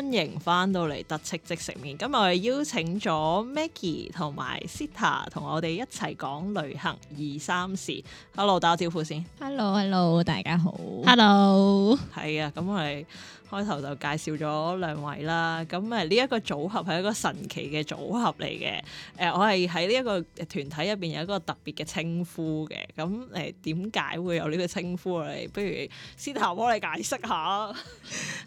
歡迎翻到嚟得戚即食麵，今日我哋邀請咗 Maggie 同埋 Sita 同我哋一齊講旅行二三事。Hello，打招呼先。Hello，Hello，hello，大家好。Hello，係啊，咁我哋。開頭就介紹咗兩位啦，咁誒呢一個組合係一個神奇嘅組合嚟嘅。誒、呃，我係喺呢一個團體入邊有一個特別嘅稱呼嘅。咁誒點解會有呢個稱呼嚟？不如先頭幫你解釋下。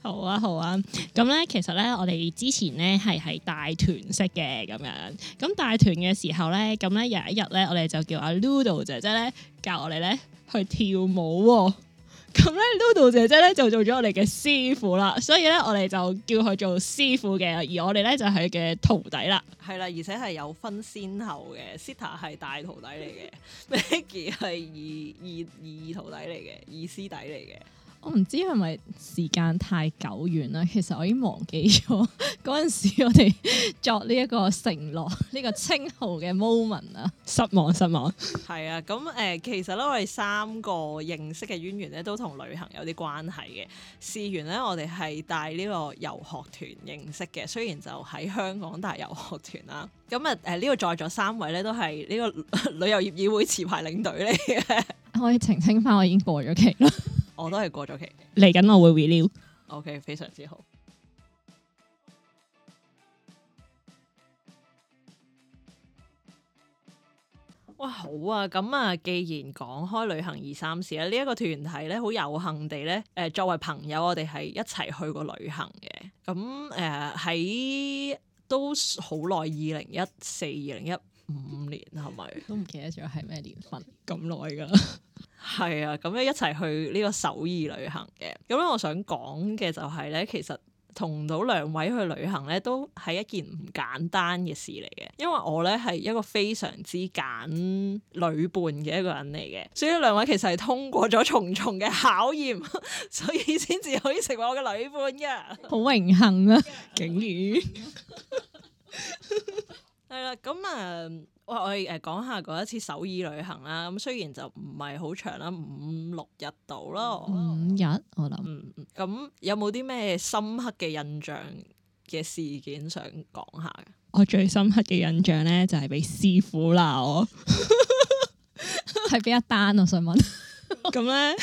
好啊，好啊。咁咧，其實咧，我哋之前咧係係大團式嘅咁樣。咁大團嘅時候咧，咁咧有一日咧，我哋就叫阿 Ludo 姐姐咧教我哋咧去跳舞，哦。咁咧，Ludo 姐姐咧就做咗我哋嘅師傅啦，所以咧我哋就叫佢做師傅嘅，而我哋咧就係佢嘅徒弟啦。係啦，而且係有分先後嘅，Zita 係大徒弟嚟嘅 ，Maggie 係二二二,二徒弟嚟嘅，二師弟嚟嘅。我唔知係咪時間太久遠啦，其實我已經忘記咗嗰陣時我哋作呢一個承諾、呢、這個稱號嘅 moment 啦。 失望，失望。係啊，咁誒、呃，其實咧我哋三個認識嘅淵源咧都同旅行有啲關係嘅。事源咧我哋係帶呢個遊學團認識嘅，雖然就喺香港，但係遊學團啦。咁啊，誒、呃、呢、這個在座三位咧都係呢、這個、呃、旅遊業議會持牌領隊嚟嘅。可以澄清翻，我已經過咗期啦。我都係過咗期，嚟緊我會 reveal。O K，非常之好。哇，好啊！咁啊，既然講開旅行二三事咧，呢一個團體咧好有幸地咧，誒，作為朋友，我哋係一齊去過旅行嘅。咁誒喺都好耐，二零一四、二零一五年係咪？ 是是都唔記得咗係咩年份咁耐噶。 久 係啊，咁樣一齊去呢個首爾旅行嘅，咁樣我想講嘅就係、是、咧，其實同到兩位去旅行咧，都係一件唔簡單嘅事嚟嘅。因為我咧係一個非常之揀旅伴嘅一個人嚟嘅，所以兩位其實係通過咗重重嘅考驗，所以先至可以成為我嘅旅伴噶，好榮幸啊！竟然。係啦，咁啊、呃，我我誒講下嗰一次首爾旅行啦。咁雖然就唔係好長啦，五六日度咯，五日我諗。咁、嗯、有冇啲咩深刻嘅印象嘅事件想講下？我最深刻嘅印象咧，就係、是、俾師傅鬧我。係 邊 一單我想問。咁 咧 呢。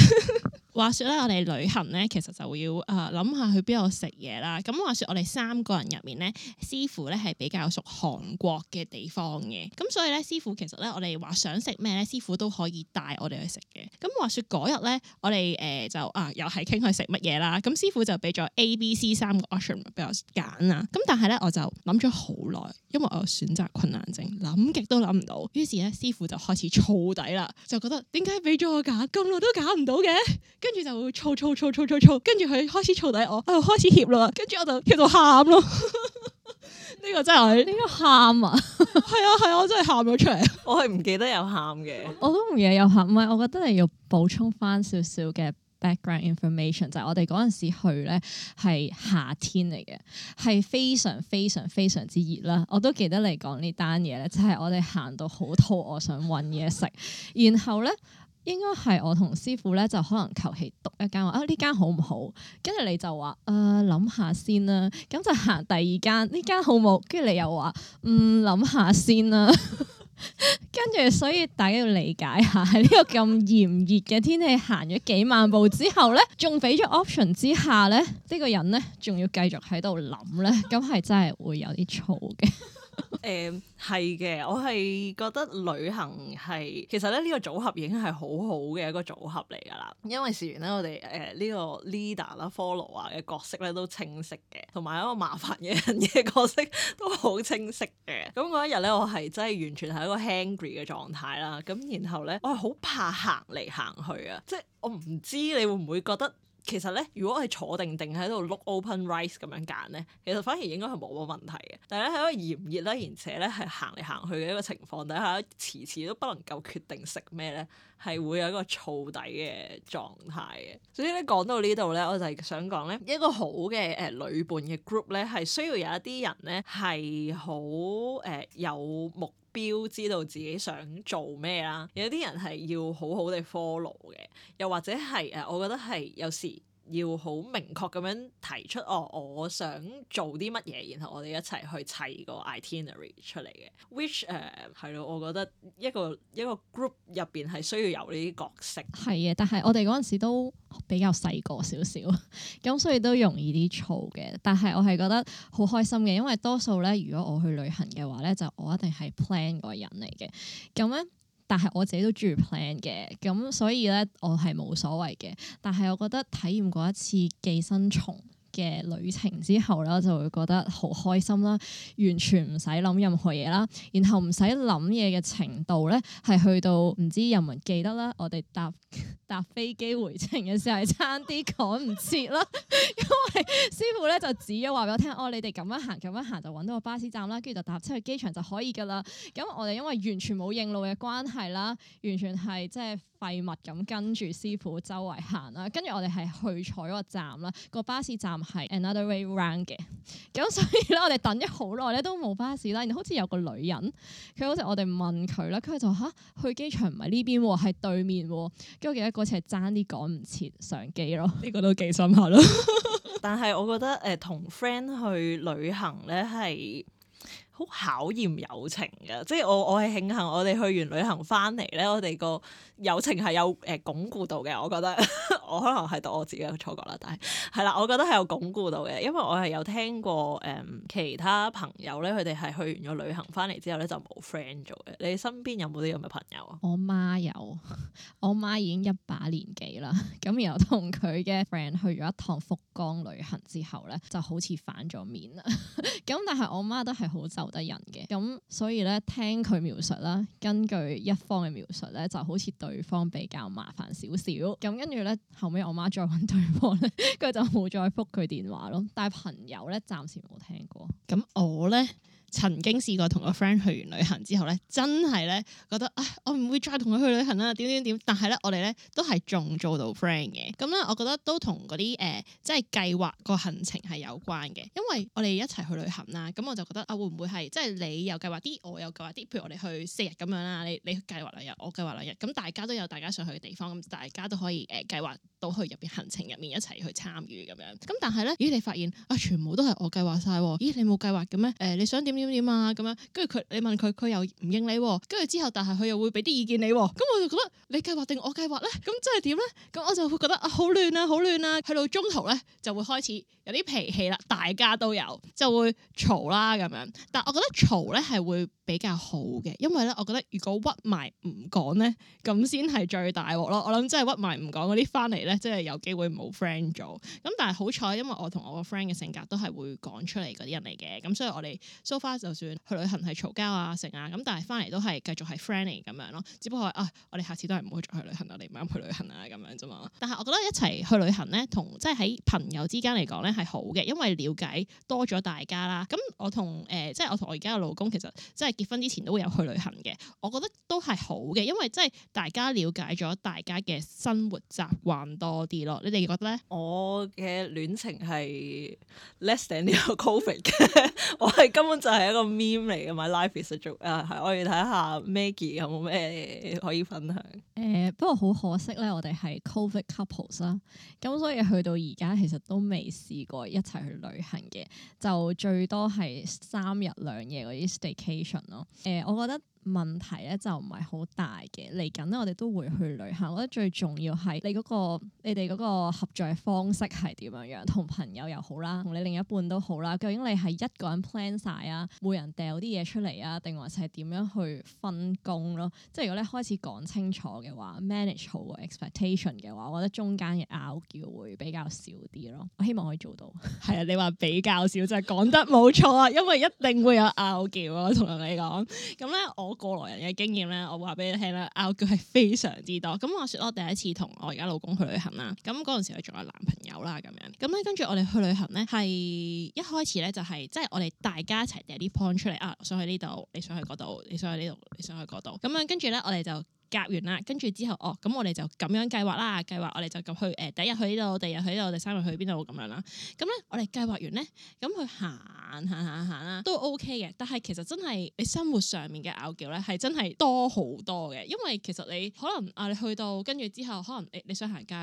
話説咧，我哋旅行咧，其實就要誒諗下去邊度食嘢啦。咁話説我哋三個人入面咧，師傅咧係比較熟韓國嘅地方嘅。咁所以咧，師傅其實咧，我哋話想食咩咧，師傅都可以帶我哋去食嘅。咁話説嗰日咧，我哋誒、呃、就啊又係傾去食乜嘢啦。咁師傅就俾咗 A、B、C 三個 option 俾我揀啊。咁但係咧，我就諗咗好耐，因為我有選擇困難症，諗極都諗唔到。於是咧，師傅就開始燥底啦，就覺得點解俾咗我揀咁耐都揀唔到嘅？跟住就會嘈嘈嘈嘈嘈嘈，跟住佢開始燥底我，哦，開始怯啦，跟住我就怯到喊咯。呢，這個真係呢個喊啊！係 啊係啊，我真係喊咗出嚟。我係唔記得有喊嘅，我都唔記得有喊。唔係，我覺得你要補充翻少少嘅 background information，就係、是、我哋嗰陣時去咧係夏天嚟嘅，係非常非常非常之熱啦。我都記得你講呢單嘢咧，就係、是、我哋行到好肚餓，想搵嘢食，然後咧。應該係我同師傅咧，就可能求其讀一間話啊，呢間好唔好？跟住你就話誒，諗下先啦。咁就行第二間，呢間好唔好？跟住你又話唔諗下先啦。跟 住所以大家要理解下，喺呢個咁炎熱嘅天氣行咗幾萬步之後咧，仲俾咗 option 之下咧，呢個人咧仲要繼續喺度諗咧，咁係真係會有啲燥嘅。誒，係嘅，嗯，我係覺得旅行係，其實咧呢，這個組合已經係好好嘅一個組合嚟噶啦。因為事緣咧，我哋誒呢個 leader 啦 Follow、follower 嘅角色咧都清晰嘅，同埋一個麻煩嘅人嘅角色都好清晰嘅。咁嗰一日咧，我係真係完全係一個 hungry 嘅狀態啦。咁然後咧，我係好怕行嚟行去啊，即係我唔知你會唔會覺得。其實咧，如果我係坐定定喺度 look open rice 咁樣揀咧，其實反而應該係冇乜問題嘅。但係咧，喺個炎熱啦，而且咧係行嚟行去嘅一個情況底下，遲遲都不能夠決定食咩咧，係會有一個燥底嘅狀態嘅。所以咧講到呢度咧，我就係想講咧，一個好嘅誒旅伴嘅 group 咧，係需要有一啲人咧係好誒有目的。標知道自己想做咩啦，有啲人係要好好哋 follow 嘅，又或者係誒，我覺得係有時。要好明確咁樣提出哦，我想做啲乜嘢，然後我哋一齊去砌個 itinerary 出嚟嘅。 which 誒，係咯，我覺得一個一個 group 入邊係需要有呢啲角色。係嘅，但係我哋嗰陣時都比較細個少少，咁、 嗯、所以都容易啲嘈嘅。但係我係覺得好開心嘅，因為多數咧，如果我去旅行嘅話咧，就我一定係 plan 個人嚟嘅，咁咧。但係我自己都中意 plan 嘅，咁所以咧，我係冇所謂嘅。但係我覺得體驗過一次寄生蟲嘅旅程之後啦，就會覺得好開心啦，完全唔使諗任何嘢啦，然後唔使諗嘢嘅程度咧，係去到唔知有冇人記得啦。我哋搭搭飛機回程嘅時候，係差啲趕唔切啦，因為師傅咧就指咗話俾我聽，哦，你哋咁樣行，咁樣行就揾到個巴士站啦，跟住就搭車去機場就可以㗎喇。咁我哋因為完全冇認路嘅關係啦，完全係即係。就是廢物咁跟住師傅周圍行啦，跟住我哋係去坐個站啦，個巴士站係 another way round 嘅，咁所以咧我哋等咗好耐咧都冇巴士啦，然好似有個女人，佢好似我哋問佢啦，佢就話、啊、去機場唔係呢邊喎，係對面喎，跟住我記得嗰次係爭啲趕唔切上機咯，呢個都幾深刻咯。 但係我覺得誒同 friend 去旅行咧係。好考驗友情嘅，即係我我係慶幸我哋去完旅行翻嚟咧，我哋個友情係有誒鞏、呃、固到嘅。我覺得 我可能係對我自己嘅錯覺啦，但係係啦，我覺得係有鞏固到嘅，因為我係有聽過誒、呃、其他朋友咧，佢哋係去完咗旅行翻嚟之後咧就冇 friend 做嘅。你身邊有冇啲咁嘅朋友啊？我媽有，我媽已經一把年紀啦，咁 然後同佢嘅 friend 去咗一趟福岡旅行之後咧，就好似反咗面啦。咁 但係我媽都係好就得人嘅，咁所以咧聽佢描述啦，根據一方嘅描述咧，就好似對方比較麻煩少少，咁跟住咧後尾我媽再揾對方咧，佢 就冇再覆佢電話咯，但係朋友咧暫時冇聽過，咁我咧。曾經試過同個 friend 去完旅行之後咧，真係咧覺得啊，我唔會再同佢去旅行啦、啊。點點點，但係咧，我哋咧都係仲做到 friend 嘅。咁、嗯、咧，我覺得都同嗰啲誒，即係計劃個行程係有關嘅，因為我哋一齊去旅行啦。咁、嗯、我就覺得啊，會唔會係即係你有計劃啲，我有計劃啲？譬如我哋去四日咁樣啦，你你計劃兩日，我計劃兩日，咁、嗯、大家都有大家想去嘅地方，咁、嗯、大家都可以誒、呃、計劃到去入邊行程入面一齊去參與咁樣。咁、嗯嗯、但係咧，咦你發現啊，全部都係我計劃晒，咦你冇計劃嘅咩？誒、呃、你想點？.點點啊咁樣，跟住佢，你問佢，佢又唔應你。跟住之後，但係佢又會俾啲意見你。咁我就覺得，你計劃定我計劃咧，咁即係點咧？咁我就會覺得啊，好亂啊，好亂啊。去到中途咧，就會開始有啲脾氣啦，大家都有就會嘈啦咁樣。但我覺得嘈咧係會比較好嘅，因為咧，我覺得如果屈埋唔講咧，咁先係最大鑊咯。我諗真係屈埋唔講嗰啲翻嚟咧，真係有機會冇 friend 做。咁但係好彩，因為我同我個 friend 嘅性格都係會講出嚟嗰啲人嚟嘅，咁所以我哋就算去旅行係嘈交啊、成啊，咁但係翻嚟都係繼續係 friendly 咁樣咯。只不過啊，我哋下次都係唔會再去旅，去旅行啊，你唔啱去旅行啊，咁樣啫嘛。但係我覺得一齊去旅行咧，同即係喺朋友之間嚟講咧係好嘅，因為了解多咗大家啦。咁我同誒、呃，即係我同我而家嘅老公，其實即係結婚之前都會有去旅行嘅。我覺得都係好嘅，因為即係大家了解咗大家嘅生活習慣多啲咯。你哋覺得咧？我嘅戀情係 less than zero COVID 嘅， 我係根本就係、係。係一個 meme 嚟嘅，my life is a joke 啊！係，我要睇下 Maggie 有冇咩可以分享。誒、呃，不過好可惜咧，我哋係 COVID couples 啦，咁所以去到而家其實都未試過一齊去旅行嘅，就最多係三日兩夜嗰啲 staycation 咯。誒、呃，我覺得。問題咧就唔係好大嘅，嚟緊咧我哋都會去旅行。我覺得最重要係你嗰、嗰個你哋嗰個合作嘅方式係點樣樣，同朋友又好啦，同你另一半都好啦。究竟你係一個人 plan 晒啊，每人掉啲嘢出嚟啊，定還是係點樣去分工咯？即係如果你開始講清楚嘅話，manage 好個 expectation 嘅話，我覺得中間嘅拗撬會比較少啲咯。我希望可以做到。係啊，你話比較少就係、講得冇錯啊，因為一定會有拗撬啊，同人你講。咁 咧我。我過來人嘅經驗咧，我話俾你聽啦，拗撬係非常之多。咁我說我第一次同我而家老公去旅行啦，咁嗰陣時佢仲有男朋友啦，咁樣。咁咧跟住我哋去旅行咧，係一開始咧就係即係我哋大家一齊訂啲 point 出嚟啊，我想去呢度，你想去嗰度，你想去呢度，你想去嗰度。咁樣跟住咧，我哋就。夾完啦，跟住之後哦，咁我哋就咁樣計劃啦。計劃我哋就咁去誒、呃，第一日去呢度，第二日去呢度，第三日去邊度咁樣啦。咁咧，我哋計劃完咧，咁去行行行行啦，都 OK 嘅。但係其實真係你生活上面嘅拗撬咧，係真係多好多嘅。因為其實你可能啊，你去到跟住之，之後，可能你想行街，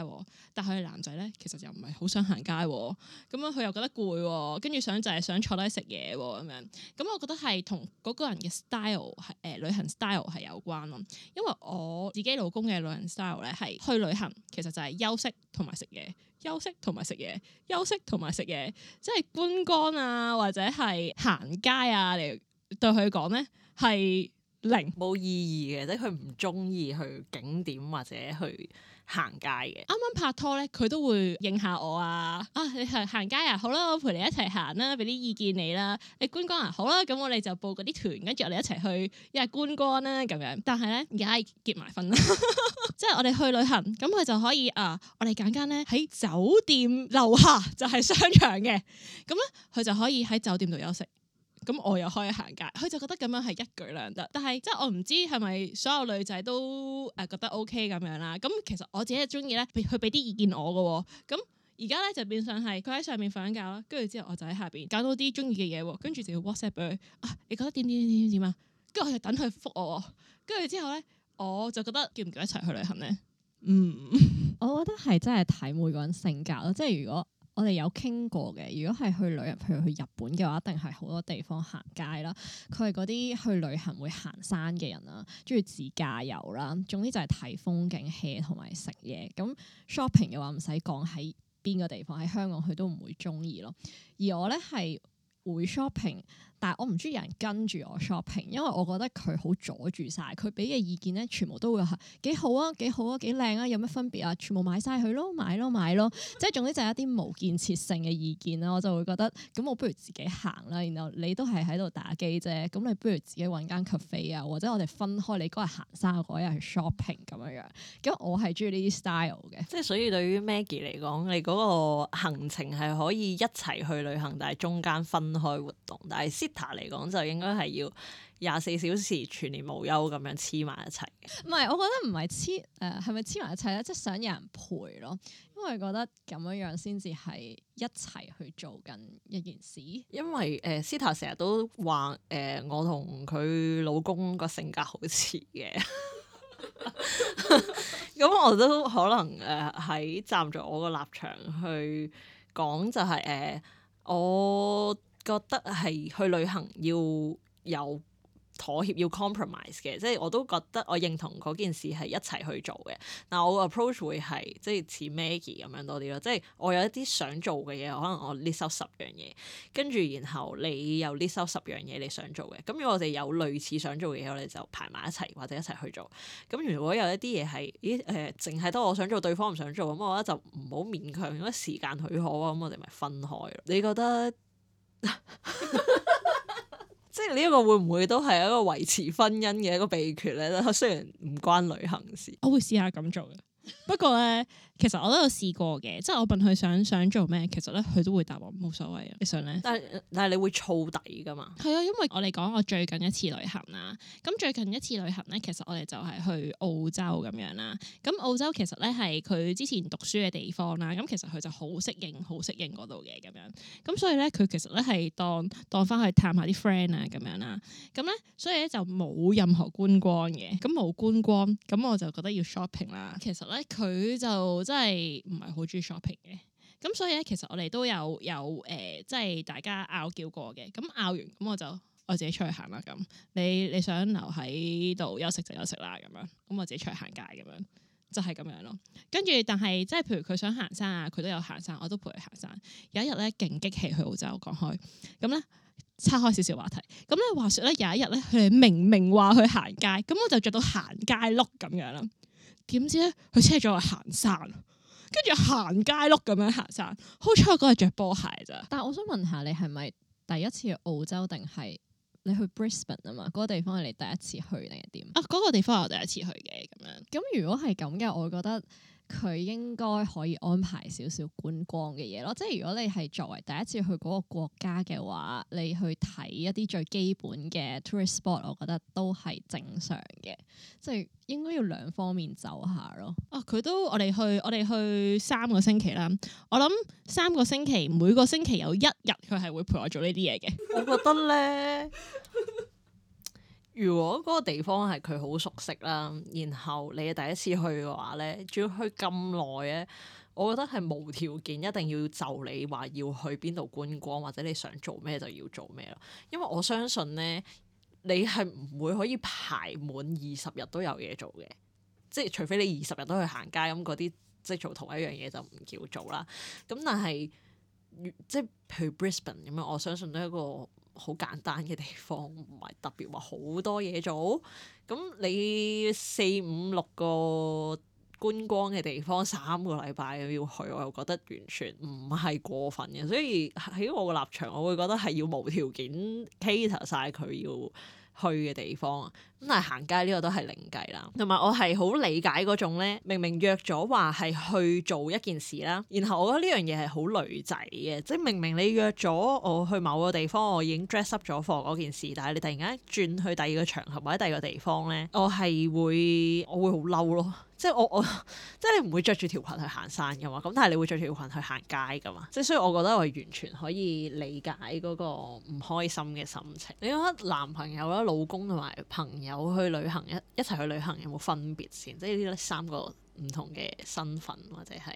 但係男仔咧，其實又唔係好想行街。咁樣佢又覺得攰，跟住想就係想坐低食嘢咁樣。咁我覺得係同嗰個人嘅 style 係、呃、誒旅行 style 係有關咯。因為我我自己老公嘅旅行 style 咧，係去旅行，其實就係休息同埋食嘢，休息同埋食嘢，休息同埋食嘢，即係觀光啊，或者係行街啊，嚟對佢講咧，係零冇意義嘅，即係佢唔中意去景點或者去。行街嘅，啱啱拍拖咧，佢都會應下我啊！啊，你係行街啊？好啦，我陪你一齊行啦、啊，俾啲意見你啦、啊。你觀光啊？好啦，咁我哋就報嗰啲團，跟住我哋一齊去一日觀光啦、啊。咁樣，但係咧而家係結埋婚啦， 即係我哋去旅行，咁佢就可以啊，我哋揀間咧喺酒店樓下就係商場嘅，咁咧佢就可以喺酒店度休息。咁我又可以行街，佢就覺得咁樣係一舉兩得。但係即係我唔知係咪所有女仔都誒、啊、覺得 OK 咁樣啦。咁其實我自己係中意咧，佢俾啲意見我噶。咁而家咧就變相係佢喺上面瞓緊覺啦，跟住之後我就喺下邊搞到啲中意嘅嘢，跟住就要 WhatsApp 俾佢。啊，你覺得點點點點點啊？跟住我就等佢覆我。跟住之後咧，我就覺得叫唔叫一齊去旅行咧？嗯， 我覺得係真係睇每個人性格咯。即係如果。我哋有傾過嘅，如果係去旅遊，譬如去日本嘅話，一定係好多地方行街啦。佢係嗰啲去旅行會行山嘅人啦，中意自駕遊啦，總之就係睇風景、hea 同埋食嘢。咁 shopping 嘅話，唔使講喺邊個地方，喺香港佢都唔會中意咯。而我咧係會 shopping。但係我唔中意有人跟住我 shopping，因為我覺得佢好阻住晒，佢俾嘅意見咧，全部都會幾好啊，幾好啊，幾靚啊，有乜分別啊，全部買晒佢咯，買咯，買咯，即係總之就係一啲無建設性嘅意見啦，我就會覺得咁我不如自己行啦，然後你都係喺度打機啫，咁你不如自己揾間 cafe 啊，或者我哋分開你嗰日行山啊，我嗰日去 shopping 咁樣樣，咁我係中意呢啲 style 嘅。即係所以對於 Maggie 嚟講，你嗰個行程係可以一齊去旅行，但係中間分開活動，但係先。Sita 嚟講就應該係要廿四小時全年無休咁樣黐埋一齊。唔係，我覺得唔係黐誒，係咪黐埋一齊咧？即、就、係、是、想有人陪咯，因為覺得咁樣樣先至係一齊去做緊一件事。因為誒、呃、，Sita 成日都話誒、呃，我同佢老公個性格好似嘅，咁 我都可能誒喺、呃、站住我個立場去講、就是，就係誒我。覺得係去旅行要有妥協，要 compromise 嘅，即係我都覺得我認同嗰件事係一齊去做嘅。但我 approach 會係即係似 Maggie 咁樣多啲咯，即係我有一啲想做嘅嘢，可能我 list 收十樣嘢，跟住然後你又 list 收十樣嘢你想做嘅。咁如果我哋有類似想做嘅嘢，我哋就排埋一齊或者一齊去做。咁如果有一啲嘢係咦誒，淨係得我想做，對方唔想做咁，我覺得就唔好勉強，如果時間許可咁，我哋咪分開咯。你覺得？即係呢一個會唔會都係一個維持婚姻嘅一個秘訣咧？雖然唔關旅行事，我會試下咁做嘅。 不過咧。其實我都有試過嘅，即係我問佢想想做咩，其實咧佢都會答我冇所謂啊，你想咧？但係但係你會燥底噶嘛？係啊，因為我哋講我最近一次旅行啦，咁最近一次旅行咧，其實我哋就係去澳洲咁樣啦。咁澳洲其實咧係佢之前讀書嘅地方啦，咁其實佢就好適應，好適應嗰度嘅咁樣。咁所以咧佢其實咧係當當翻去探下啲 friend 啊咁樣啦。咁咧所以咧就冇任何觀光嘅，咁冇觀光，咁我就覺得要 shopping 啦。其實咧佢就。真係唔係好中意 shopping 嘅，咁所以咧，其實我哋都有有誒，即、呃、係大家拗撬過嘅，咁拗完，咁我就我自己出去行啦、啊。咁你你想留喺度休息就休息啦，咁樣，咁我自己出去行街，咁樣就係、是、咁樣咯。跟住，但係即係譬如佢想行山啊，佢都有行山，我都陪佢行山。有一日咧，勁激氣去澳洲，講開咁咧，岔開少少話題。咁咧，話說咧，有一日咧，佢明明話去行街，咁我就着到行街 look 咁樣啦。點知咧，佢車咗去行山，跟住行街碌，咁樣行山，好彩嗰日着波鞋咋。但係我想問下你係咪第一次去澳洲定係你去 Brisbane 啊嘛？嗰個地方係你第一次去定係點啊？嗰、嗰個地方係我第一次去嘅咁樣。咁如果係咁嘅，我覺得。佢應該可以安排少少觀光嘅嘢咯，即係如果你係作為第一次去嗰個國家嘅話，你去睇一啲最基本嘅 tourist spot，我覺得都係正常嘅，即係應該要兩方面走下咯。啊，佢都我哋去我哋去三個星期啦。我諗三個星期每個星期有一日佢係會陪我做呢啲嘢嘅。我覺得咧。 如果嗰個地方係佢好熟悉啦，然後你第一次去嘅話咧，仲要去咁耐咧，我覺得係無條件一定要就你話要去邊度觀光或者你想做咩就要做咩咯。因為我相信咧，你係唔會可以排滿二十日都有嘢做嘅，即係除非你二十日都去行街咁嗰啲，即係做同一樣嘢就唔叫做啦。咁但係即係譬如 Brisbane 咁樣，我相信都係一個。好簡單嘅地方，唔係特別話好多嘢做。咁你四五六個觀光嘅地方，三個禮拜要去，我又覺得完全唔係過分嘅。所以喺我個立場，我會覺得係要無條件 cater 曬佢要去嘅地方。真係行街呢個都係另計啦，同埋我係好理解嗰種咧，明明約咗話係去做一件事啦，然後我覺得呢樣嘢係好女仔嘅，即明明你約咗我去某個地方，我已經 dress up 咗做嗰件事，但係你突然間轉去第二個場合或者第二個地方咧，我係會我會好嬲咯，即係我我 即係你唔會着住條裙去行山噶嘛，咁但係你會著條裙去行街噶嘛，即係所以我覺得我完全可以理解嗰個唔開心嘅心情。你覺得男朋友啦、老公同埋朋友？有去旅行一一齊去旅行有冇分別先？即係呢三個唔同嘅身份或者係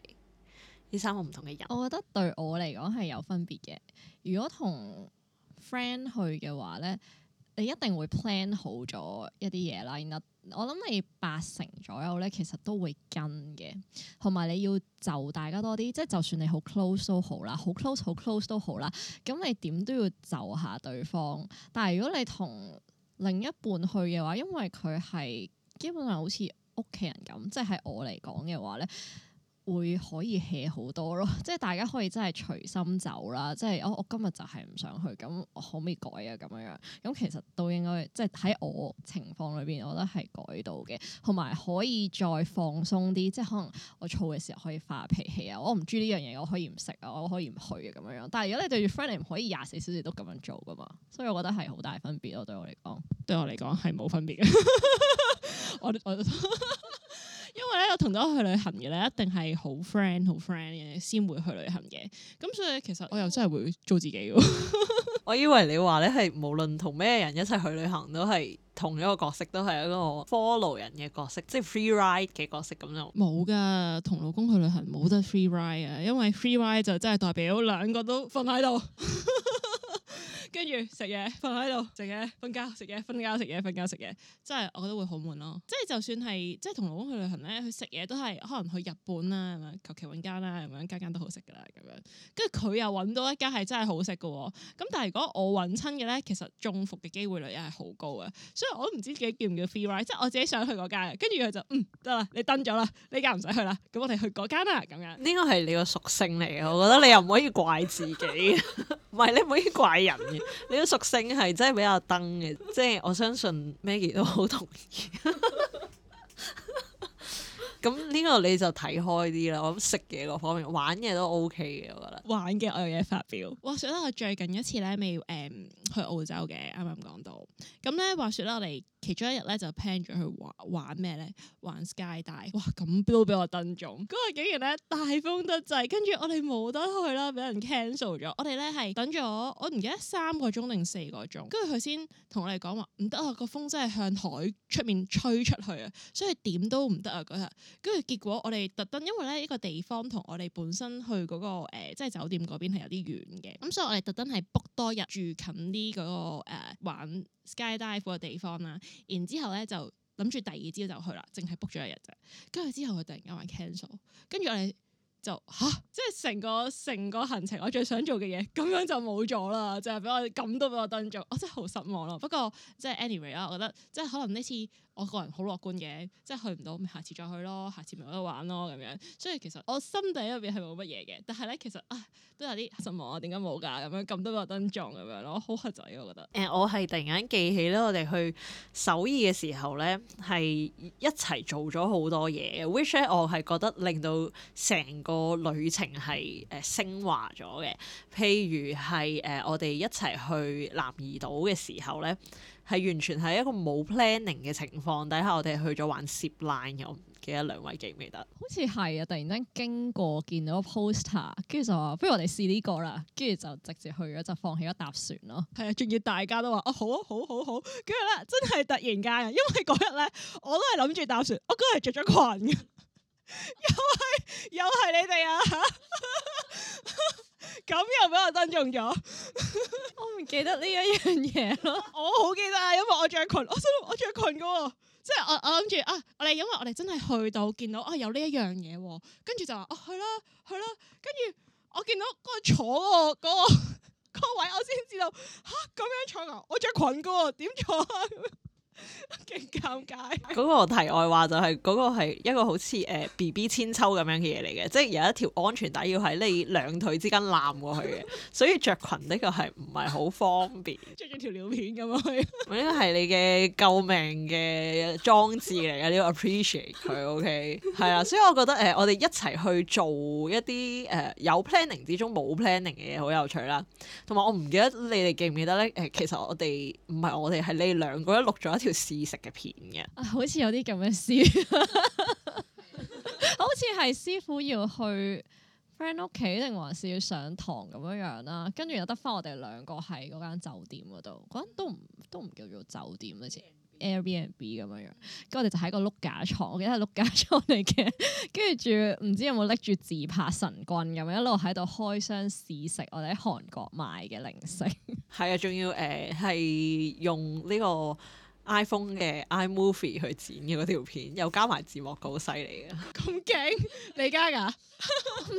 呢三個唔同嘅人。我覺得對我嚟講係有分別嘅。如果同 friend 去嘅話咧，你一定會 plan 好咗一啲嘢啦。然後我諗你八成左右咧，其實都會跟嘅。同埋你要就大家多啲，即係就算你好 close 都好啦，好 close 好 close 都好啦。咁你點都要就下對方。但係如果你同另一半去嘅話，因為佢係基本上好似屋企人咁，即係我嚟講嘅話咧。會可以起好多咯，即係大家可以真係隨心走啦，即係我我今日就係唔想去，咁可唔可以改啊？咁樣樣，咁其實都應該即係喺我情況裏邊，我覺得係改到嘅，同埋可以再放鬆啲，即係可能我燥嘅時候可以發脾氣啊，我唔中意呢樣嘢，我可以唔食啊，我可以唔去啊，咁樣樣。但係如果你對住 friend，你唔可以廿四小時都咁樣做噶嘛，所以我覺得係好大分別咯、啊。對我嚟講，對我嚟講係冇分別嘅。 我我。 因為咧，我同咗去旅行嘅咧，一定係好 friend 好 friend 嘅先會去旅行嘅。咁所以其實我又真係會做自己。 我以為你話咧係無論同咩人一齊去旅行都係同一個角色，都係一個 follow 人嘅角色，即係 free ride 嘅角色咁樣。冇噶，同老公去旅行冇得 free ride 啊！因為 free ride 就真係代表兩個都瞓喺度.。 跟住食嘢，瞓喺度食嘢，瞓覺食嘢，瞓覺食嘢，瞓覺食嘢，真係我覺得會好悶咯。即係就算係，即係同老公去旅行咧，去食嘢都係可能去日本啦，咁樣求其揾間啦，咁樣間間都好食噶啦，咁樣。跟住佢又揾到一間係真係好食噶喎，咁但係如果我揾親嘅咧，其實中伏嘅機會率又係好高嘅。所以我都唔知自己叫唔叫 free ride，即係我自己想去嗰間。跟住佢就嗯得啦，你登咗啦，呢間唔使去啦，咁我哋去嗰間啦，咁樣。呢個係你個屬性嚟嘅，我覺得你又唔可以怪自己，唔係 你唔可以怪人。你嘅屬性係真係比較登嘅，即係我相信 Maggie 都好同意。咁呢 個你就睇開啲啦，我諗食嘢嗰方面，玩嘢都 OK 嘅我覺得。玩嘅我有嘢發表。話說咧，我最近一次咧，未誒、嗯、去澳洲嘅，啱啱講到。咁咧話說咧，我哋其中一日咧就 plan 咗去玩玩咩咧，玩 Skydive。哇 sky！咁都俾我登中。嗰日竟然咧大風得滯，跟住我哋冇得去啦，俾人 cancel 咗。我哋咧係等咗，我唔記得三個鐘定四個鐘，跟住佢先同我哋講話唔得啊！個風真係向海出面吹出去啊，所以點都唔得啊嗰日。跟住結果，我哋特登，因為咧呢個地方同我哋本身去嗰、那個、呃、即係酒店嗰邊係有啲遠嘅，咁所以我哋特登係 book 多日住近啲、那、嗰個、呃、玩 sky dive 個地方啦。然後呢然後之後咧就諗住第二朝就去啦，淨係 book 咗一日啫。跟住之後佢突然間 cancel，跟住我哋就吓，即係成個成個行程，我最想做嘅嘢咁樣就冇咗啦，就係俾我感都俾我登咗，我真係好失望咯。不過即係 anyway 啦，我覺得即係可能呢次。我個人好樂觀嘅，即係去唔到，下次再去咯，下次咪有得玩咯咁樣。所以其實我心底入邊係冇乜嘢嘅，但係咧其實啊，都有啲失望啊，點解冇㗎？咁樣咁多個燈撞咁樣咯，好核仔我覺得。誒、呃，我係突然間記起咧，我哋去首爾嘅時候咧，係一齊做咗好多嘢，which 咧我係覺得令到成個旅程係誒昇華咗嘅。譬如係誒、呃，我哋一齊去南怡島嘅時候咧。係完全係一個冇 planning 嘅情況底下，我哋去咗玩攝 line 嘅，我唔記得兩位記唔記得？好似係啊！突然間經過見到個 poster，跟住就話，不如我哋試呢個啦，跟住就直接去咗，就放棄咗搭船咯。係啊，仲要大家都話啊，好啊，好啊，好啊，好啊，跟住咧，真係突然間，因為嗰日咧我都係諗住搭船，我嗰日着咗裙嘅。 又係又係你哋啊！咁 又俾我撞中咗， 我唔記得呢一樣嘢咯。 我好記得，因為我着裙，我着我着裙噶，即係我我諗住啊，我哋因為我哋真係去到見到哦、啊、有呢一樣嘢，跟住就話哦去啦去啦，跟住我見到嗰個坐嗰、嗰個嗰個嗰個位我、啊，我先知道吓咁樣坐噶，我着裙噶，點坐啊？勁尷尬！嗰個題外話就係、是、嗰、那個係一個好似誒 B B 千秋咁樣嘅嘢嚟嘅，即係有一條安全帶要喺你兩腿之間攬過去嘅，所以着裙的確係唔係好方便，着住條尿片咁樣。呢個係你嘅救命嘅裝置嚟嘅，你要 appreciate 佢 OK 係啊。 所以我覺得誒、呃，我哋一齊去做一啲誒、呃、有 planning 之中冇 planning 嘅嘢好有趣啦。同埋我唔記，記，記得你哋記唔記得咧？誒、呃，其實我哋唔係我哋係你兩個錄一錄咗條試食嘅片嘅，好似有啲咁嘅事， 好似係師傅要去 friend 屋企，定還是要上堂咁樣樣啦。跟住又得返我哋兩個喺嗰間酒店嗰度，嗰間都唔都唔叫做酒店好似 Airbnb 咁樣樣。跟我哋就喺個碌架床，我記得係碌架床嚟嘅。跟住唔知有冇拎住自拍神棍咁樣一路喺度開箱試食我哋喺韓國買嘅零食。係啊、 嗯，仲要誒，係、呃、用呢、這個。iPhone 嘅 iMovie 去剪嘅條片，又加埋字幕，好犀利嘅。咁勁，你加㗎？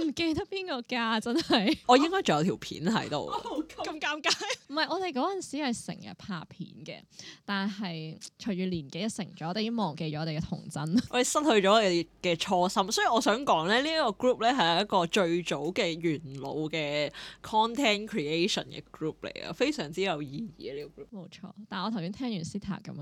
唔 記得邊個加，真係、哦。我應該仲有條片喺度。咁尷尬？唔係，我哋陣時係成日拍片嘅，但係隨住年紀一成咗，我哋已經忘記咗我哋嘅童真。 我哋失去咗我哋嘅初心，所以我想講咧，呢、這、一個 group 咧係一個最早嘅元老嘅 content creation 嘅 group 嚟嘅，非常之有意義啊！呢個 group。冇錯，但係我頭先聽完 Zita 咁。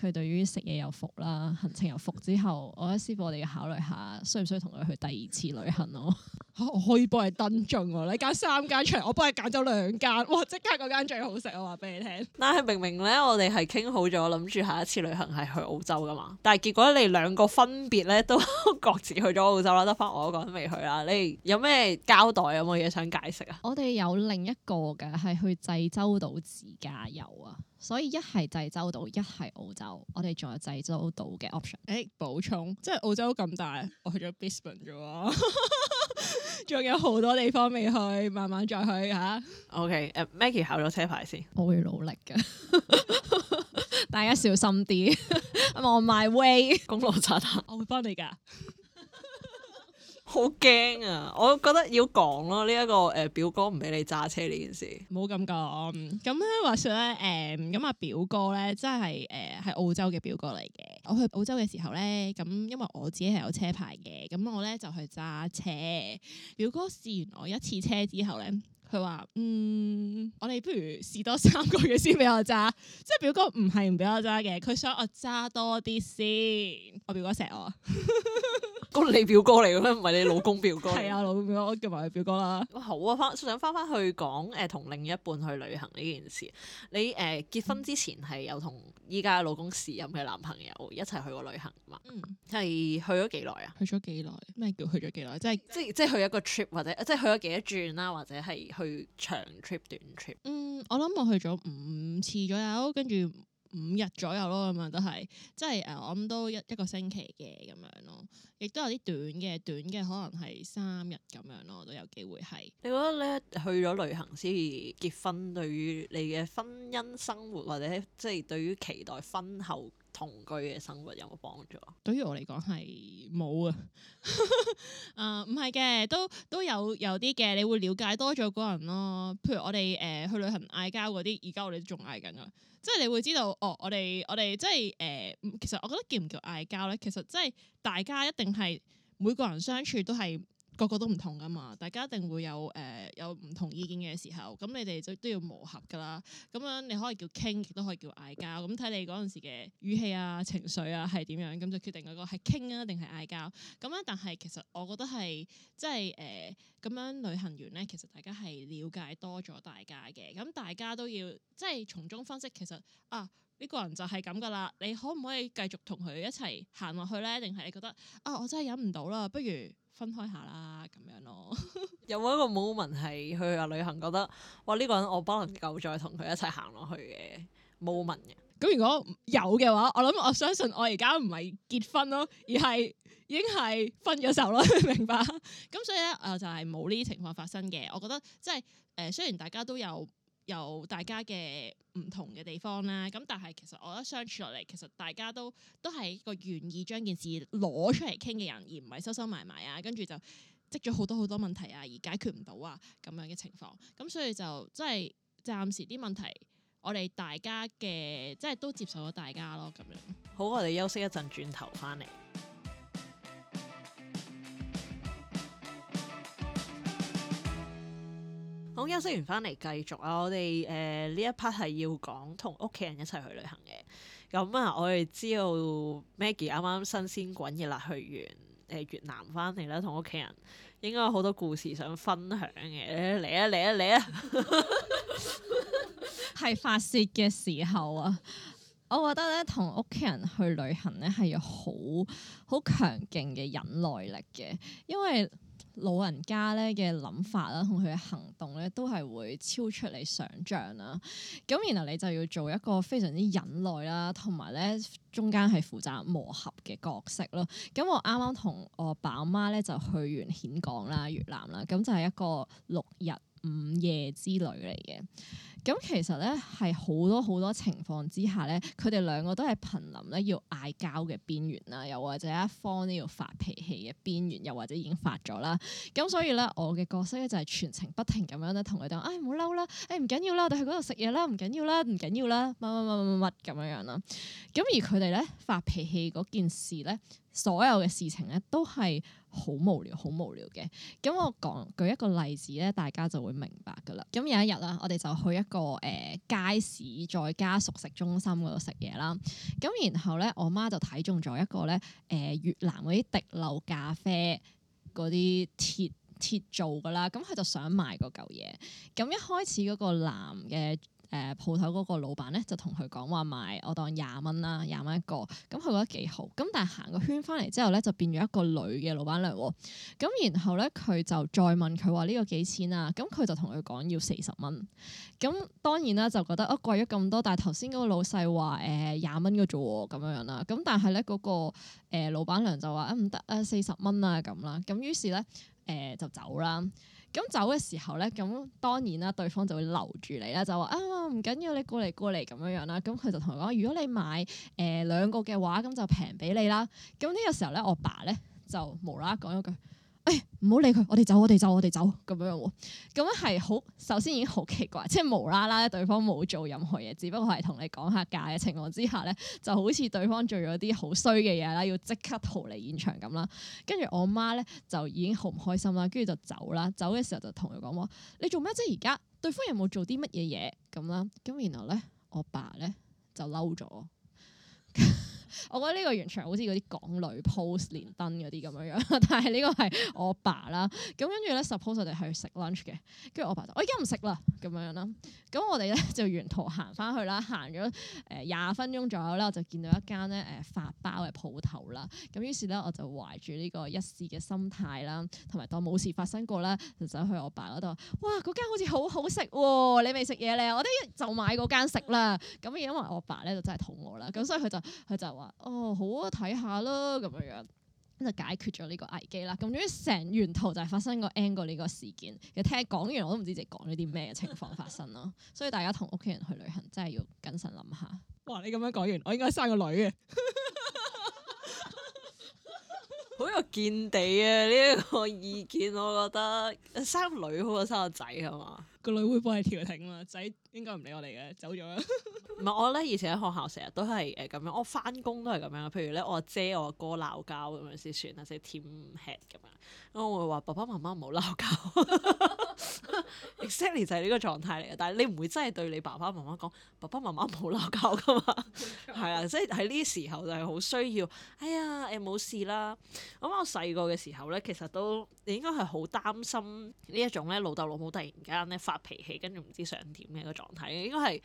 佢對於食嘢有伏啦，行程有伏之後，我覺得似乎我哋要考慮下，需唔需要同佢去第二次旅行咯、 啊？我可以幫你登盡喎、啊，你揀三間場，我幫你揀咗兩間，哇！即刻嗰間最好食，我話俾你聽。但係明明咧，我哋係傾好咗，諗住下一次旅行係去澳洲噶嘛？但係結果你兩個分別咧，都各自去咗澳洲啦，得翻我一個都未去啦。你有咩交代，有冇嘢想解釋啊？我哋有另一個嘅係去濟州島自駕遊啊，所以一係濟州島，一係澳，澳洲。我哋仲有濟州島嘅 option。誒，補充，即係澳洲咁大，我去咗 Brisbane 啫喎，仲有好多地方未去，慢慢再去吓。OK，誒，Maggie 考咗車牌先，我會努力嘅，大家小心啲。I'm on my way，公路窄窄，我會返嚟㗎。好驚啊！我覺得要講咯，呢、這、一個誒表哥唔俾你揸車呢件事。唔好咁講，咁、嗯、咧話説咧，誒咁啊表哥咧，真係誒係澳洲嘅表哥嚟嘅。我去澳洲嘅時候咧，咁、嗯、因為我自己係有車牌嘅，咁我咧就去揸車。表哥試完我一次車之後咧，佢話：嗯，我哋不如試多三個月先俾我揸，即係表哥唔係唔俾我揸嘅，佢想我揸多啲先。我表哥錫我，咁 你表哥嚟嘅咩？唔係你老公表哥？係 啊，老公表哥，我叫埋佢表哥啦。好啊，翻想翻翻去講誒，同、呃、另一半去旅行呢件事。你誒、呃、結婚之前係有同依家老公時任嘅男朋友一齊去過旅行嘛？即係去咗幾耐啊？去咗幾耐？咩叫去咗幾耐？即係即即係去一個 trip，或者即係去咗幾多轉啦，或者係。去長 trip 短 trip，嗯，我諗我去咗五次左右，跟住五日左右咯，咁樣都係，即係誒，我諗都一一個星期嘅咁樣咯，亦都有啲短嘅，短嘅可能係三日咁樣咯，都有機會係。你覺得咧，去咗旅行先結婚，對於你嘅婚姻生活或者即係、就是、對於期待婚後？同居嘅生活有冇幫助？對於我嚟講係冇啊，誒唔係嘅，都都有有啲嘅，你會了解多咗個人咯。譬如我哋誒、呃、去旅行嗌交嗰啲，而家我哋仲嗌緊啊。即係你會知道哦，我哋我哋即係誒、呃，其實我覺得叫唔叫嗌交咧？其實即係大家一定係每個人相處都係。個個都唔同噶嘛，大家一定會有誒、呃、有唔同意見嘅時候，咁你哋都都要磨合噶啦。咁樣你可以叫傾，亦都可以叫嗌交，咁睇你嗰陣時嘅語氣啊、情緒啊係點樣，咁就決定嗰個係傾啊定係嗌交。咁咧，但係其實我覺得係即係誒咁樣旅行完咧，其實大家係了解多咗大家嘅，咁大家都要即係從中分析，其實啊呢個人就係咁噶啦，你可唔可以繼續同佢一齊行落去咧？定係你覺得啊，我真係忍唔到啦，不如～分開下啦，咁樣咯。 有冇一個 moment 係去啊旅行，覺得哇呢、這個人我不能夠再同佢一齊行落去嘅 moment 嘅？咁、嗯、如果有嘅話，我諗我相信我而家唔係結婚咯，而係已經係分咗手咯，明白？咁 所以咧，我就係冇呢啲情況發生嘅。我覺得即係誒，雖然大家都有。有大家嘅唔同嘅地方啦，咁但係其實我覺得相處落嚟，其實大家都都係一個願意將件事攞出嚟傾嘅人，而唔係收收埋埋啊，跟住就積咗好多好多問題啊，而解決唔到啊咁樣嘅情況，咁所以就即係、就是、暫時啲問題，我哋大家嘅即係都接受咗大家咯，咁樣。好，我哋休息一陣，轉頭翻嚟。好，休息完翻嚟繼續啊！我哋誒呢一 part 係要講同屋企人一齊去旅行嘅。咁、嗯、啊，我哋知道 Maggie 啱啱新鮮滾熱辣去完誒、呃、越南翻嚟啦，同屋企人應該有好多故事想分享嘅。嚟啊嚟啊嚟啊！係發泄嘅時候啊，我覺得咧，同屋企人去旅行咧係有好好強勁嘅忍耐力嘅，因為，老人家咧嘅諗法啦，同佢嘅行動咧，都係會超出你想像啦。咁然後你就要做一個非常之忍耐啦，同埋咧中間係負責磨合嘅角色咯。咁我啱啱同我阿爸阿媽咧就去完峴港啦、越南啦，咁就係一個六日午夜之旅嚟嘅，咁其實咧係好多好多情況之下咧，佢哋兩個都係瀕臨咧要嗌交嘅邊緣啦，又或者一方咧要發脾氣嘅邊緣，又或者已經發咗啦。咁所以咧，我嘅角色咧就係全程不停咁樣咧同佢哋講，唉，唔好嬲啦，哎唔緊要啦，我哋去嗰度食嘢啦，唔緊要啦，唔緊要啦，乜乜乜乜乜乜咁樣樣啦。咁而佢哋咧發脾氣嗰件事咧，所有嘅事情咧都係。好無聊，好無聊嘅。咁我講舉一個例子咧，大家就會明白噶啦。咁有一日啦，我哋就去一個誒、呃、街市再加熟食中心嗰度食嘢啦。咁然後咧，我媽就睇中咗一個咧誒、呃、越南嗰啲滴漏咖啡嗰啲鐵鐵做噶啦。咁佢就想買嗰嚿嘢。咁一開始嗰個男嘅，誒，鋪頭嗰個老闆咧就同佢講，話賣我當廿蚊啦，廿蚊一個，咁佢覺得幾好。咁但係行個圈翻嚟之後咧，就變咗一個女嘅老闆娘喎。咁然後咧，佢就再問佢話，呢個幾錢啊？咁佢就同佢講要四十蚊。咁當然啦，就覺得啊貴咗咁多，但係頭先嗰個老細話誒廿蚊嘅啫喎，咁樣樣啦。咁但係咧嗰個誒老闆娘就話啊，唔得啊，四十蚊啊咁啦。咁於是咧誒、呃、就走啦。咁走嘅時候咧，咁當然啦，對方就會留住你啦，就話啊，唔緊要，你過嚟過嚟咁樣樣啦。咁佢就同我講，如果你買誒、呃、兩個嘅話，咁就平俾你啦。咁呢個時候咧，我爸咧就無啦啦講咗句。誒，唔好理佢，我哋走，我哋走，我哋走，咁樣喎，咁樣係好，首先已經好奇怪，即係無啦啦，對方冇做任何嘢，只不過係同你講下價嘅情況之下咧，就好似對方做咗啲好衰嘅嘢啦，要即刻逃離現場咁啦。跟住我媽咧就已經好唔開心啦，跟住就走啦，走嘅時候就同佢講話：你做咩啫？而家對方有冇做啲乜嘢嘢？咁啦，咁然後咧，我爸咧就嬲咗。 我覺得呢個完全好似嗰啲港女 pose 連登嗰啲咁樣樣，但係呢個係我爸啦。咁跟住咧，suppose 我哋去食 lunch 嘅，跟住我爸就我而家唔食啦，咁樣啦。咁我哋咧就沿途行返去啦，行咗誒廿分鐘左右咧，我就見到一間咧誒法包嘅鋪頭啦。咁於是咧，我就懷住呢個一試嘅心態啦，同埋當冇事發生過啦，就走去我爸嗰度。哇！嗰間好似好好食喎，你未食嘢咧？我哋就買嗰間食啦。咁因為我爸咧就真係肚餓啦，咁所以佢就佢就哦，好啊，睇下啦，咁樣樣咁就解決咗呢個危機啦。咁總之成沿途就係發生 angle 呢個事件。其實聽講完我都唔知淨係講咗啲咩情況發生咯。 所以大家同屋企人去旅行真係要謹慎諗下。哇，你咁樣講完，我應該生個女嘅， 好有見地啊！呢、呢個意見，我覺得生女好過生個仔係嘛？個女會幫你調停嘛，仔應該唔理我哋嘅，走咗啦。唔 係我咧，以前喺學校成日都係誒咁樣，我翻工都係咁樣。譬如咧，我阿姐我阿哥鬧交咁樣先算啊，即係 team head 咁樣。咁我會話爸爸媽媽唔好鬧交。 exactly 就係呢個狀態嚟嘅，但係你唔會真係對你爸爸媽媽講爸爸媽媽唔好鬧交噶嘛？係 啊，即係喺呢啲時候就係好需要。哎呀誒冇事啦。咁我細個嘅時候咧，其實都你應該係好擔心呢一種咧老豆老母突然間咧發脾氣跟住唔知想點嘅一個狀態，應該係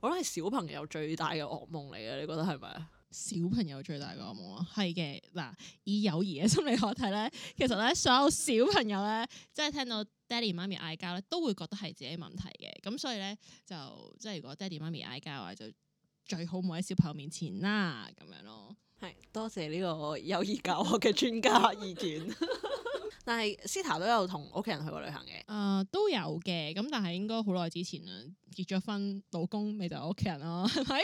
我諗係小朋友最大嘅噩夢嚟嘅，你覺得係咪啊？小朋友最大嘅噩夢啊，係嘅。嗱，以友誼嘅心理學睇咧，其實咧所有小朋友咧，即係聽到爹哋媽咪嗌交咧，都會覺得係自己問題嘅。咁所以咧，就即係如果爹哋媽咪嗌交啊，就最好唔好喺小朋友面前啦，咁樣咯。係多謝呢個幼兒教育嘅專家意見。 但係，Zita 都有同屋企人去過旅行嘅。誒，都有嘅。咁但係應該好耐之前啦，結咗婚，老公咪就係屋企人咯，係咪？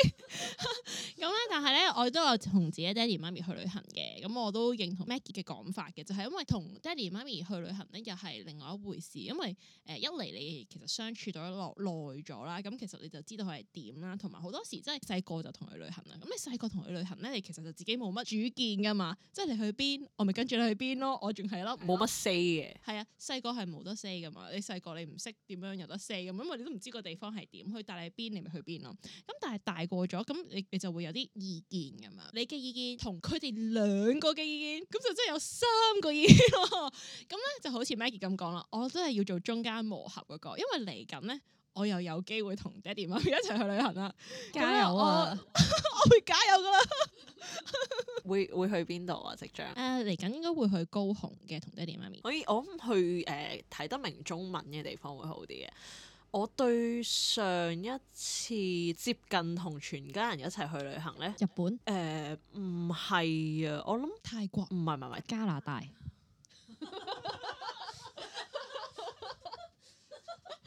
咁咧、嗯，但係咧，我都有同自己爹哋媽咪去旅行嘅，咁、嗯、我都認同 Maggie 嘅講法嘅，就係、是、因為同爹哋媽咪去旅行咧，又係另外一回事，因為誒、呃、一嚟你其實相處咗落耐咗啦，咁、嗯、其實你就知道佢係點啦，同埋好多時真係細個就同佢旅行啦，咁、嗯、你細個同佢旅行咧，你其實就自己冇乜主見噶嘛，即係你去邊，我咪跟住你去邊咯，我仲係咯，冇乜 say 嘅。係啊，細個係冇得 say 噶嘛，你細個你唔識點樣有得 say 咁，因為你都唔知個地方係點，佢帶你去邊，你咪去邊咯。咁但係大個咗，咁你就你就，就會有啲意見咁樣，你嘅意見同佢哋兩個嘅意見，咁就真係有三個意見咯。咁 咧就好似 Maggie 咁講啦，我都係要做中間磨合嗰個，因為嚟緊咧我又有機會同爹哋媽咪一齊去旅行啦，加油我啊！ 我會加油噶啦， 會，會去邊度啊？即將誒嚟緊應該會去高雄嘅，同爹哋媽咪，爸爸媽媽可以我諗去誒睇，呃、得明中文嘅地方會好啲嘅。我對上一次接近同全家人一齊去旅行呢，日本？誒，唔係啊，我諗泰國，唔係、唔係、唔係，加拿大。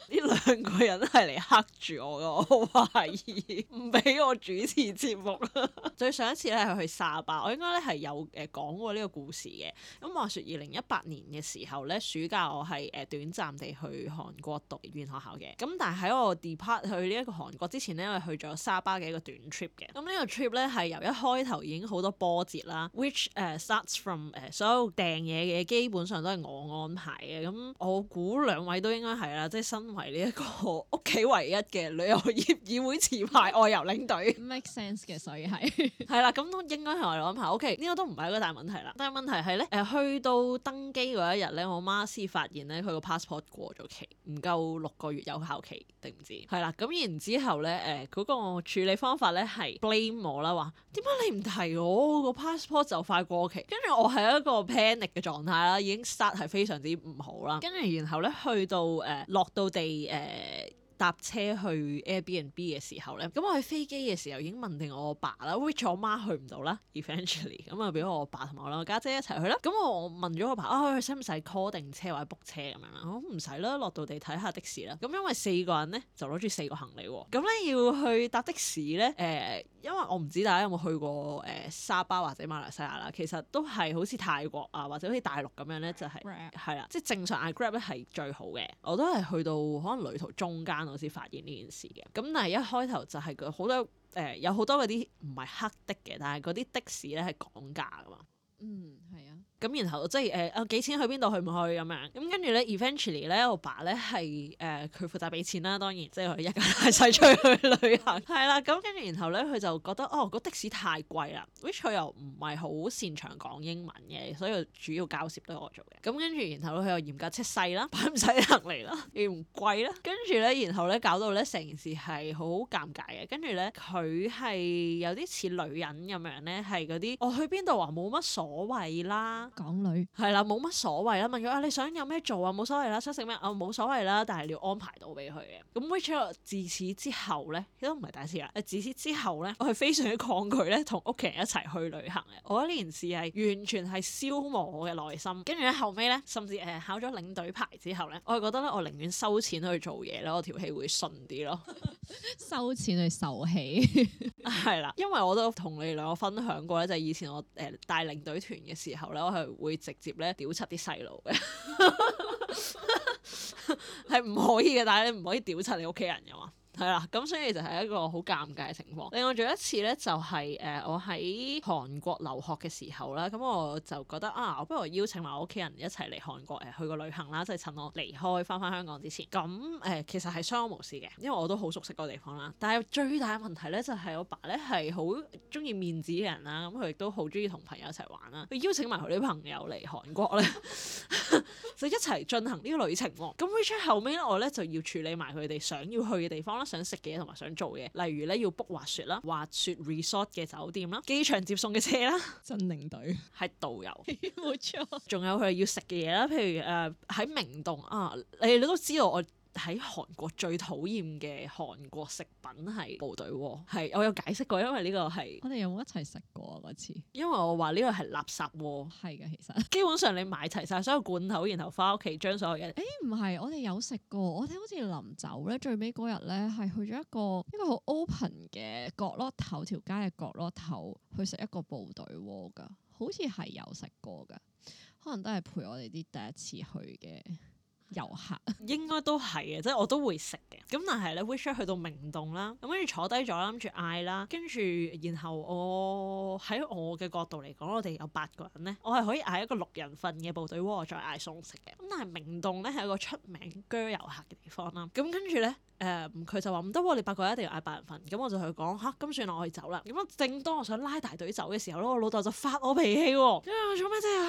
呢兩個人係嚟黑住我嘅，我懷疑唔俾我主持節目。 最上一次咧係去沙巴，我應該咧係有誒講、呃、過呢個故事嘅。咁話説二零一八年嘅時候咧，暑假我係誒短暫地去韓國讀語言學校嘅。咁但係喺我 depart 去呢一個韓國之前咧，我去咗沙巴嘅一個短 trip 嘅。咁、這、呢個 trip 咧係由一開頭已經好多波折啦，which 誒、uh, starts from 誒、uh, 所有訂嘢嘅基本上都係我安排嘅。咁我估兩位都應該係啦，即係新。係呢一個屋企唯一嘅旅遊業議會持牌外遊領隊，make sense 嘅，所以係係啦，咁 都應該係我哋安排，OK，呢個都唔係一個大問題啦。但係問題係咧，誒、呃、去到登機嗰一日咧，我媽先發現咧佢個 passport 過咗期，唔夠六個月有效期定唔知 oria,，係、呃、啦，咁然之後咧，誒嗰個處理方法咧係 blame 我啦，話點解你唔提我個 passport 就快過期？跟住我係一個 panic 嘅狀態啦，已經 state 係非常之唔好啦。跟住然後咧去到誒落、呃、到地。係搭、嗯、車去 Airbnb 嘅時候咧，咁我喺飛機嘅時候已經問定我阿爸啦，揾咗我媽去唔到啦，eventually 咁啊，俾我阿爸同埋我兩個家姐一齊去啦。咁我問咗我爸啊，使唔使 call 定車或者 book 車咁樣啦？我唔使啦，落到地睇下的士啦。咁因為四個人咧就攞住四個行李喎，咁、啊、咧要去搭的士咧誒。呃因為我唔知大家有冇去過誒、呃、沙巴或者馬來西亞啦，其實都係好似泰國啊或者好似大陸咁樣咧，就係係啦，即係、嗯、正常。I grab 咧係最好嘅，我都係去到可能旅途中間我先發現呢件事嘅。咁但係一開頭就係好多誒、呃，有好多嗰啲唔係黑的嘅，但係嗰啲的士咧係講價㗎嘛。嗯，係。咁然後即係誒，我、呃、幾錢去邊度去唔去咁樣？咁跟住咧，eventually 咧，我爸咧係誒，佢負、呃、責俾錢啦，當然即係佢一家大細出去旅行，係啦。 咁跟住然後咧，佢就覺得哦，個的士太貴啦。which 佢又唔係好擅長講英文嘅，所以主要交涉都係我做嘅。咁跟住然後咧，佢又嚴格出細啦，擺唔晒啲行李啦，唔貴啦。跟住咧，然後咧搞到咧，成件事係好尷尬嘅。跟住咧，佢係有啲似女人咁樣咧，係嗰啲我去邊度啊，冇乜所謂啦。港女係啦，冇乜所謂啦。問佢啊，你想有咩做啊？冇所謂啦，想食咩啊？冇所謂啦。但係你要安排到俾佢嘅。咁 which 之自此之後咧，亦都唔係第一次啦。自此之後咧，我係非常之抗拒咧同屋企人一齊去旅行嘅。我覺得呢件事係完全係消磨我嘅內心。跟住咧後尾咧，甚至誒、呃、考咗領隊牌之後咧，我係覺得咧，我寧願收錢去做嘢咧，我條氣會順啲咯。 收錢去受氣係啦，因為我都同你哋兩個分享過咧，就係、是、以前我誒帶領隊團嘅時候咧，係會直接咧屌柒啲細路嘅，係唔可以嘅。但係你唔可以屌柒你屋企人噶嘛。係啦，咁所以其實係一個好尷尬嘅情況。另外仲有一次咧，就係、是、誒、呃、我喺韓國留學嘅時候啦。咁我就覺得啊，我不如我邀請埋我屋企人一齊嚟韓國誒去個旅行啦，即、就、係、是、趁我離開翻翻香港之前。咁、嗯、誒、呃、其實係相安無事嘅，因為我都好熟悉個地方啦。但係最大嘅問題咧，就係、是、我爸咧係好中意面子嘅人啦，咁佢亦都好中意同朋友一齊玩啦，佢邀請埋佢啲朋友嚟韓國咧， 就一齊進行呢個旅程喎。咁跟住後尾咧，我咧就要處理埋佢哋想要去嘅地方啦。想食嘅嘢同埋想做嘅，例如咧要 book 滑雪啦，滑雪 resort 嘅酒店啦，機場接送嘅車啦，真領隊係導遊冇錯，仲 沒錯 有佢要食嘅嘢啦，譬如誒喺、呃、明洞啊，你哋都知道我。喺韓國最討厭嘅韓國食品係部隊鍋，係我有解釋過，因為呢個係我哋有冇一齊食過嗰次？因為我話呢個係垃圾鍋，係嘅，其實基本上你買齊晒所有罐頭，然後翻屋企將所有嘢。誒唔係，我哋有食過，我聽好似臨走咧最尾嗰日咧，係去咗一個一個好 open 嘅角落頭，條街嘅角落頭去食一個部隊鍋㗎，好似係有食過㗎，可能都係陪我哋啲第一次去嘅。遊客應該都係嘅，即我都會食嘅。咁但係咧，WeChat 去到明洞啦，咁跟住坐低咗，諗住嗌啦，跟住然後，然後，哦，我喺我嘅角度嚟講，我哋有八個人咧，我係可以嗌一個六人份嘅部隊鍋，再嗌餸食嘅。咁但係明洞咧，係一個出名 gel 遊客嘅地方啦，咁跟住咧。誒佢、嗯、就話唔得喎，你八個人一定要嗌八人份，咁我就同佢講吓，咁、啊、算啦，我哋走啦。咁啊，正當我想拉大隊走嘅時候咧，我老豆就發我脾氣喎、啊，做咩啫、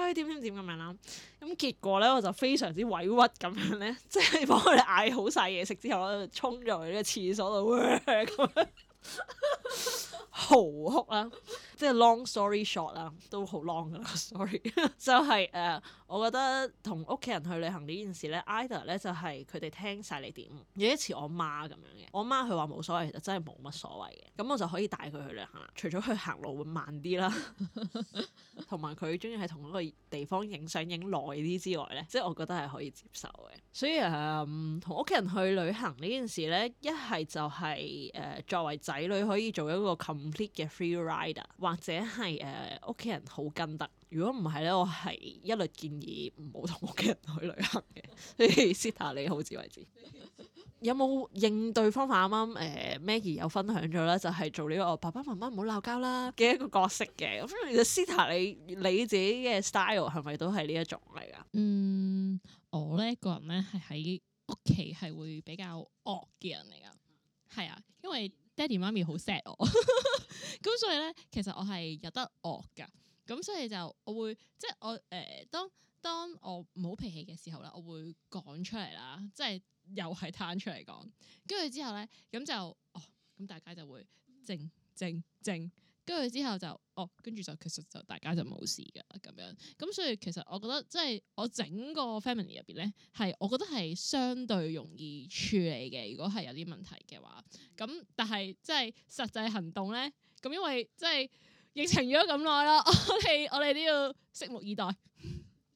啊？點點點咁樣啦？咁結果咧，我就非常之委屈咁樣咧，即係幫佢哋嗌好晒嘢食之後咧，衝咗去呢個廁所度，咁樣好哭啦～ 喉喉即係 long story short 啦，都好 long 㗎啦，sorry。就係誒，我覺得同屋企人去旅行呢件事咧，Either 咧就係佢哋聽晒你點。有啲似我媽咁樣嘅，我媽佢話冇所謂，其實真係冇乜所謂嘅。咁我就可以帶佢去旅行啦。除咗佢行路會慢啲啦，同埋佢中意喺同一個地方影相影耐啲之外咧，即係我覺得係可以接受嘅。所以誒，同屋企人去旅行呢件事咧，一係就係、是、誒、uh, 作為仔女可以做一個 complete 嘅 free rider。或者係誒，屋、呃、企人好跟得。如果唔係咧，我係一律建議唔好同屋企人去旅行嘅。所以 Zita 你好自為之。 有冇應對方法啱啱？誒，Maggie 有分享咗啦，就係、是、做呢、這個爸爸媽媽唔好鬧交啦嘅一個角色嘅。咁其實 Zita 你你自己嘅 style 係咪都係呢一種嚟㗎？嗯，我咧個人咧係喺屋企係會比較惡嘅人嚟㗎，係啊，因為。爹哋媽咪好錫我， 咁所以咧，其實我係有得惡㗎，咁所以就我會即係我誒，當當我唔好脾氣嘅時候啦，我會講出嚟啦，即係、呃、又係攤出嚟講，跟住之後咧，咁就哦，咁大家就會靜靜靜。靜靜跟住之後就，哦，跟住就其實就大家就冇事噶咁樣，咁所以其實我覺得即係、就是、我整個 family 入邊咧，係我覺得係相對容易處理嘅，如果係有啲問題嘅話，咁但係即係實際行動咧，咁因為即係、就是、疫情咗咁耐啦，我哋我哋都要拭目以待。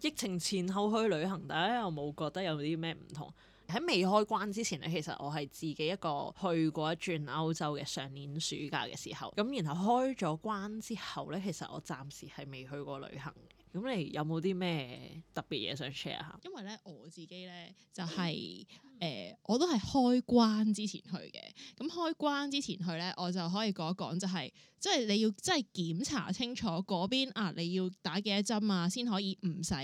疫情前後去旅行，大家有冇覺得有啲咩唔同？喺未開關之前咧，其實我係自己一個去過一轉歐洲嘅上年暑假嘅時候。咁然後開咗關之後咧，其實我暫時係未去過旅行。咁你有冇啲咩特別嘢想 share 下？因為咧我自己咧就係、是、誒、呃，我都係開關之前去嘅。咁開關之前去咧，我就可以講一講、就係，就係即係你要即係檢查清楚嗰邊啊，你要打幾多針啊，先可以唔使。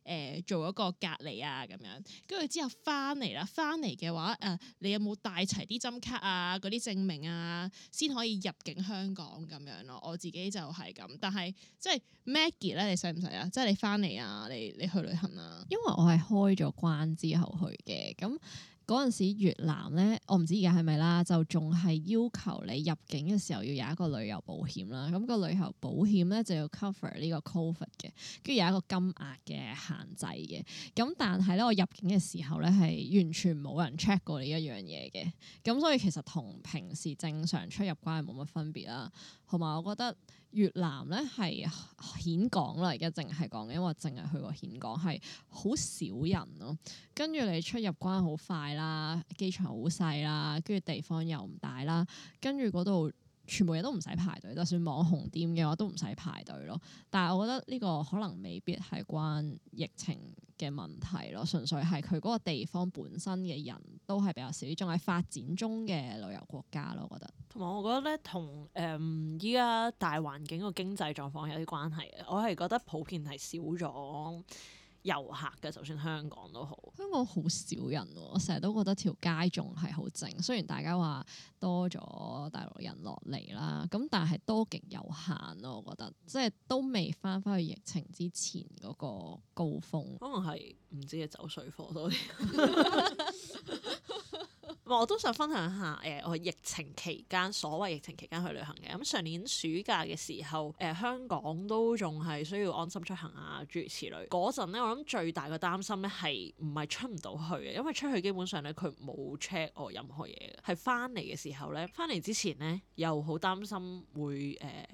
誒、呃、做一個隔離啊，咁樣跟住之後翻嚟啦，翻嚟嘅話誒、呃，你有冇帶齊啲針卡啊、嗰啲證明啊，先可以入境香港咁樣咯。我自己就係咁，但係即係 Maggie 咧，你使唔使啊？即係你翻嚟啊，你你去旅行啊？因為我係開咗關之後去嘅，咁。嗰陣時越南咧，我唔知而家係咪啦，就仲係要求你入境嘅時候要有一個旅遊保險啦。咁個旅遊保險咧就要 cover 呢個 COVID 嘅，跟住有一個金額嘅限制嘅。咁但係咧我入境嘅時候咧係完全冇人 check 過你一樣嘢嘅。咁所以其實同平時正常出入關係冇乜分別啦。同埋我覺得。越南咧係峴港啦，而家淨係講，因為淨係去過峴港，係好少人咯。跟住你出入關好快啦，機場好細啦，跟住地方又唔大啦，跟住嗰度。全部嘢都唔使排隊，就算網紅店嘅話都唔使排隊咯。但係我覺得呢個可能未必係關疫情嘅問題咯，純粹係佢嗰個地方本身嘅人都係比較少，仲係發展中嘅旅遊國家咯，我覺得。同埋我覺得咧，同誒依家大環境個經濟狀況有啲關係，我係覺得普遍係少咗。遊客嘅，就算香港都好，香港好少人，我成日都覺得條街仲係好靜。雖然大家話多咗大陸人落嚟啦，咁但係多極有限咯。我覺得即係都未返返去疫情之前嗰個高峰。嗯、可能係唔知嘅走水貨多啲。 我都想分享下，誒、呃、我疫情期間所謂疫情期間去旅行嘅。咁、嗯、上年暑假嘅時候，誒、呃、香港都仲係需要安心出行啊諸如此類。嗰陣咧，我諗最大嘅擔心咧係唔係出唔到去嘅，因為出去基本上咧佢冇 check 我任何嘢嘅。係翻嚟嘅時候咧，翻嚟之前咧又好擔心會誒。呃